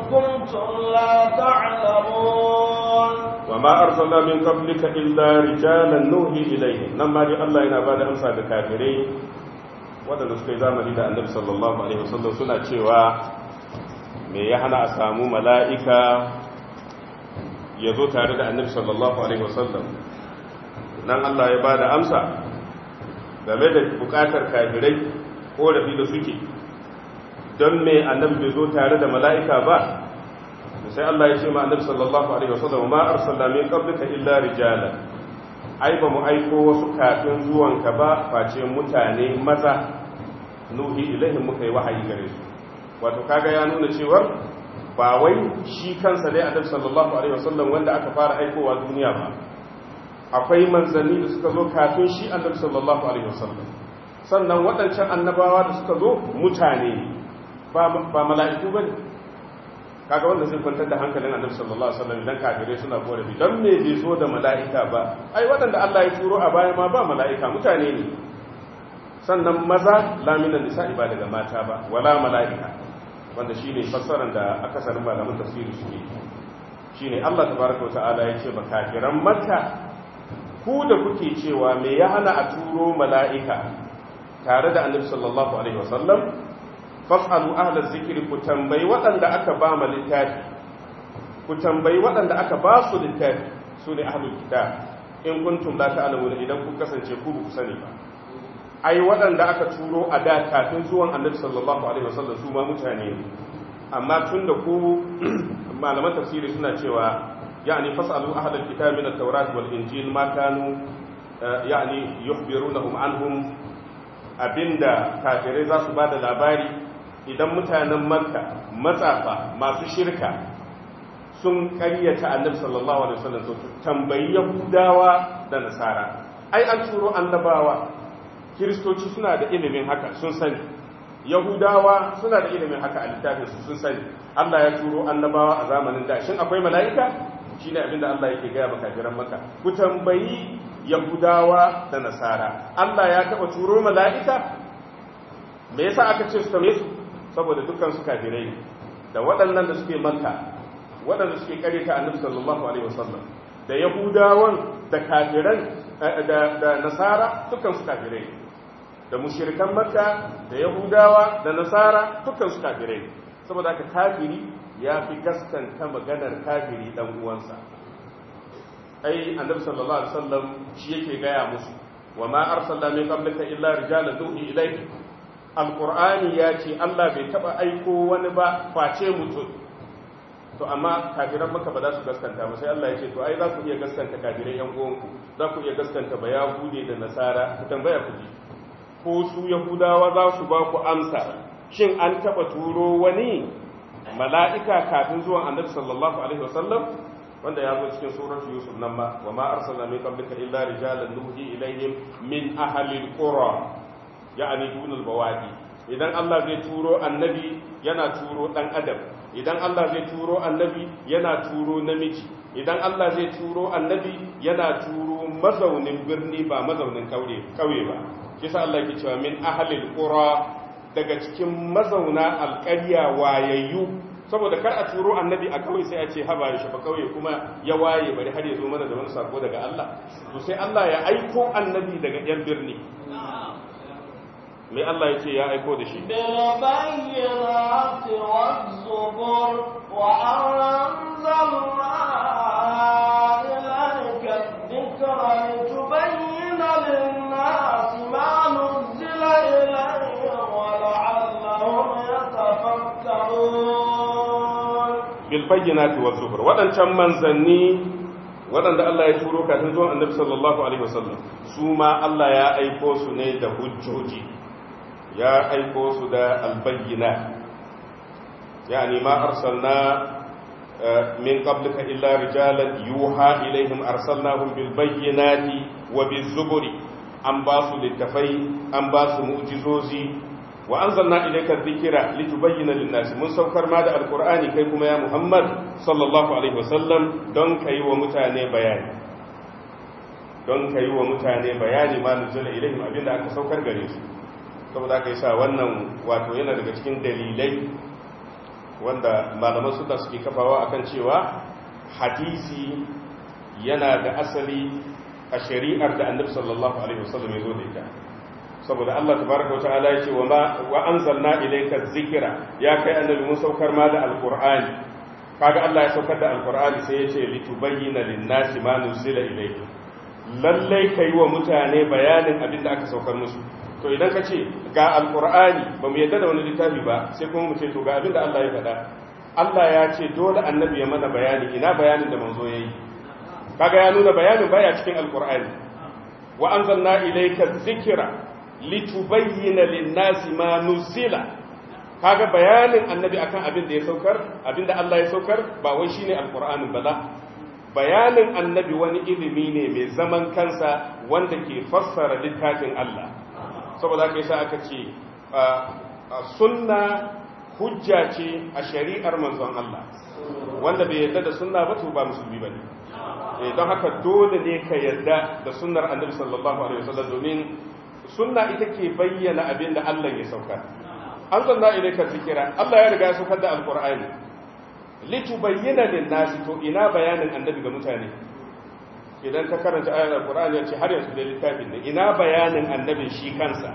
كنتم لا تعلمون وما أرسلنا من قبلك إلا رجالا نوحي إليهم نما جاء الله إلى بعد أمسى بكافرين Wadanda suka yi zamani da annabi sallallahu alaihi wasallam suna cewa me ya hana a samu mala'ika ya zo tare da annabi sallallahu alaihi wasallam nan Allah ya ba da amsa game da bukatar kafirai korafi da suke don me annabi bai zo tare da mala'ika ba sai Allah ya ce ma annabi sallallahu alaihi wasallam ma arsalna min qablika illa rijalan ai ba mu aiko wasu kafin zuwanka ba face mutane maza nuhi ilahin muka yi wahayi gare su wato kaga ya nuna cewar ba wai shi kansa dai adab sallallahu alaihi wasallam wanda aka fara aikowa duniya ba akwai manzanni da suka zo kafin shi adab sallallahu alaihi wasallam sannan waɗancan annabawa da suka zo mutane ba mala'iku bane kaga wanda zai kwantar da hankalin annabi sallallahu alaihi wasallam idan kafire suna gore bi dan me bai zo da mala'ika ba ai waɗanda Allah ya turo a baya ma ba mala'ika mutane ne sannan maza laminan nisa'i ba daga mata ba wala mala'ika wanda shine fassarar da akasarin malaman tafsiri suke shine Allah tabaraka wa ta'ala ya ce ba kafiran makka ku da kuke cewa me ya hana a turo mala'ika tare da annabi sallallahu alaihi wasallam fas'alu ahla zikiri, ku tambayi waɗanda aka ba ma littafi ku tambayi waɗanda aka ba su littafi su ne ahlul kitab in kuntum la ta'lamun idan ku kasance ku ku sani ba ai waɗanda aka turo a da kafin zuwan annabi sallallahu alaihi wasallam su ma mutane ne amma tun da ku malaman tafsiri suna cewa yani fasalu ahlal kitab min at-taurat wal injil ma kanu eh, yani yukhbirunahum anhum abinda kafirai za su ba da labari idan mutanen makka matsafa masu shirka sun karyata annabi sallallahu alaihi wasallam to tambayi yahudawa da nasara ai an turo annabawa kiristoci suna da ilimin haka sun sani yahudawa suna da ilimin haka a littafinsu sun sani allah ya turo annabawa a zamanin da shin akwai mala'ika shi ne abinda allah yake gaya maka jiran maka ku tambayi yahudawa da nasara allah ya taba turo mala'ika me yasa aka ce su tambaye su saboda dukkan su kafirai da waɗannan da suke makka waɗanda suke karyata annabi sallallahu alaihi wasallam da yahudawan da kafiran eh, eh, da nasara dukkan su kafirai da mushirkan makka da yahudawa da nasara dukkan su kafirai saboda haka kafiri ya fi gaskanta maganar kafiri dan uwansa ai annabi sallallahu alaihi wasallam shi yake gaya musu wa ma arsalna min qablika illa rijalan nuhi ilayhi alkur'ani ya ce Allah bai taba aiko wani ba face mutum to amma kafiran maka ba za su gaskanta ba sai Allah ya ce to ai za ku iya gaskanta kafirai yan uwanku za ku iya gaskanta ba yahude da nasara ku tambaya ku ji ko su yahudawa za su ba ku amsa shin an taba turo wani mala'ika kafin zuwan annabi sallallahu alaihi wasallam wanda ya zo cikin surar yusuf nan ma wa ma arsalna min qablika illa rijalan nuhi ilaihim min ahli alqura ya'ani dunal bawadi idan Allah zai turo annabi yana turo dan adam idan Allah zai turo annabi yana turo namiji idan Allah zai turo annabi yana turo mazaunin birni ba mazaunin kauye ba kisa Allah ke cewa min ahlil qura daga cikin mazauna alƙarya wayayyu saboda kar a turo annabi a kauye sai a ce haba shi ba kauye kuma ya waye bari har ya zo mana da wani sako daga Allah to sai Allah ya aiko annabi daga yan birni mai Allah ya ce ya aiko da shi bilbayyanati wa zubur waɗancan manzanni waɗanda Allah ya turo kafin zuwan annabi sallallahu alaihi wasallam su ma Allah ya aiko su ne da hujjoji ya aiko su da albayyana yani ma arsalna eh, min qablika illa rijalan yuha ilaihim arsalnahum bil bayyinati wa biz zuburi an ba su littafai an ba su mu'jizozi wa anzalna ilayka dhikra litubayyana lin-nas mun saukar ma da alqur'ani kai kuma ya muhammad sallallahu alaihi wasallam don kai wa mutane bayani don kai wa mutane bayani ma nuzula ilaihim abinda aka saukar gare su saboda ka sa, wannan wato yana daga cikin dalilai wanda malaman suna suke kafawa akan cewa hadisi yana da asali a shari'ar da annabi sallallahu alaihi wasallam ya zo da ita saboda Allah tabaraka wa ta'ala ya ce wa ma wa anzalna ilayka dhikra ya kai annabi mun saukar ma da alqur'ani kaga Allah ya saukar da alqur'ani sai ya ce litubayyana lin-nasi ma nuzila ilayka lalle kai wa mutane bayanin abin da aka saukar musu to idan ka ce ga alkur'ani ba mu yadda da wani littafi ba sai kuma mu ce to ga abin da Allah ya faɗa Allah ya ce dole annabi ya mana bayani ina bayanin da manzo yayi kaga ya nuna bayanin baya cikin alkur'ani wa anzalna ilayka dhikra litubayyana lin-nasi ma nuzila kaga bayanin annabi akan abin da ya saukar abin da Allah ya saukar ba wai shine alkur'anin ba bayanin annabi wani ilimi ne mai zaman kansa wanda ke fassara littafin Allah saboda yi yasa aka ce sunna hujja ce a shari'ar manzon Allah wanda bai yarda da sunna ba to ba musulmi bane eh don haka dole ne ka yarda da sunnar annabi sallallahu alaihi wasallam domin sunna ita ke bayyana abin da Allah ya sauka an zanna idan ka zikira Allah ya riga ya saukar da alqur'ani litubayyana lin-nasi to ina bayanin annabi ga mutane idan ka karanta ayar alkur'ani ya ce har yanzu da littafin da ina bayanin annabin shi kansa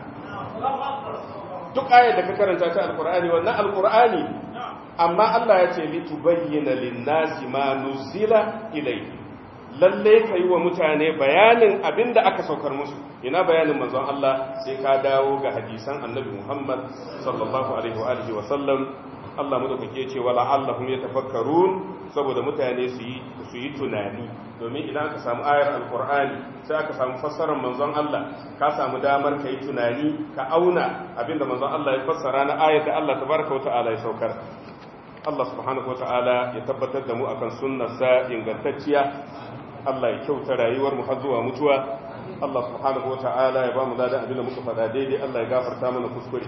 duk ayar da ka karanta ta alkur'ani wannan alkur'ani amma Allah ya ce litubayyana bayyana nasi ma nuzila ilayhi lalle ka yi wa mutane bayanin abin da aka saukar musu ina bayanin manzon Allah sai ka dawo ga hadisan annabi Muhammad sallallahu alaihi wa alihi wa sallam Allah madaukake ya ce wala ya yatafakkarun saboda mutane su yi su yi tunani domin idan aka samu ayar alqur'ani sai aka samu fassarar manzon Allah ka samu damar kai tunani ka auna abinda manzon Allah ya fassara na ayar da Allah tabaraka wata'ala ya saukar Allah subhanahu wata'ala ya tabbatar da mu akan sa ingantacciya Allah ya kyauta rayuwar mu har zuwa mutuwa Allah subhanahu wata'ala ya ba mu ladan abinda muka faɗa daidai Allah ya gafarta mana kuskure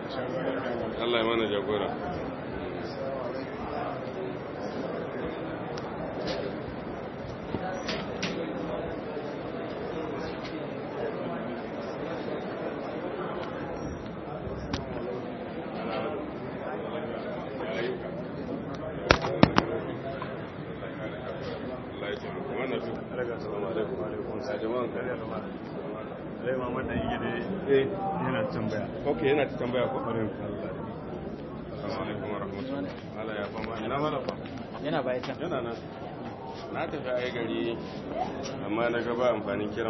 Allah ya mana jagora yana tambaya ok yana ci tambaya ko nan na tafi a gari amma na gaba amfanin kiran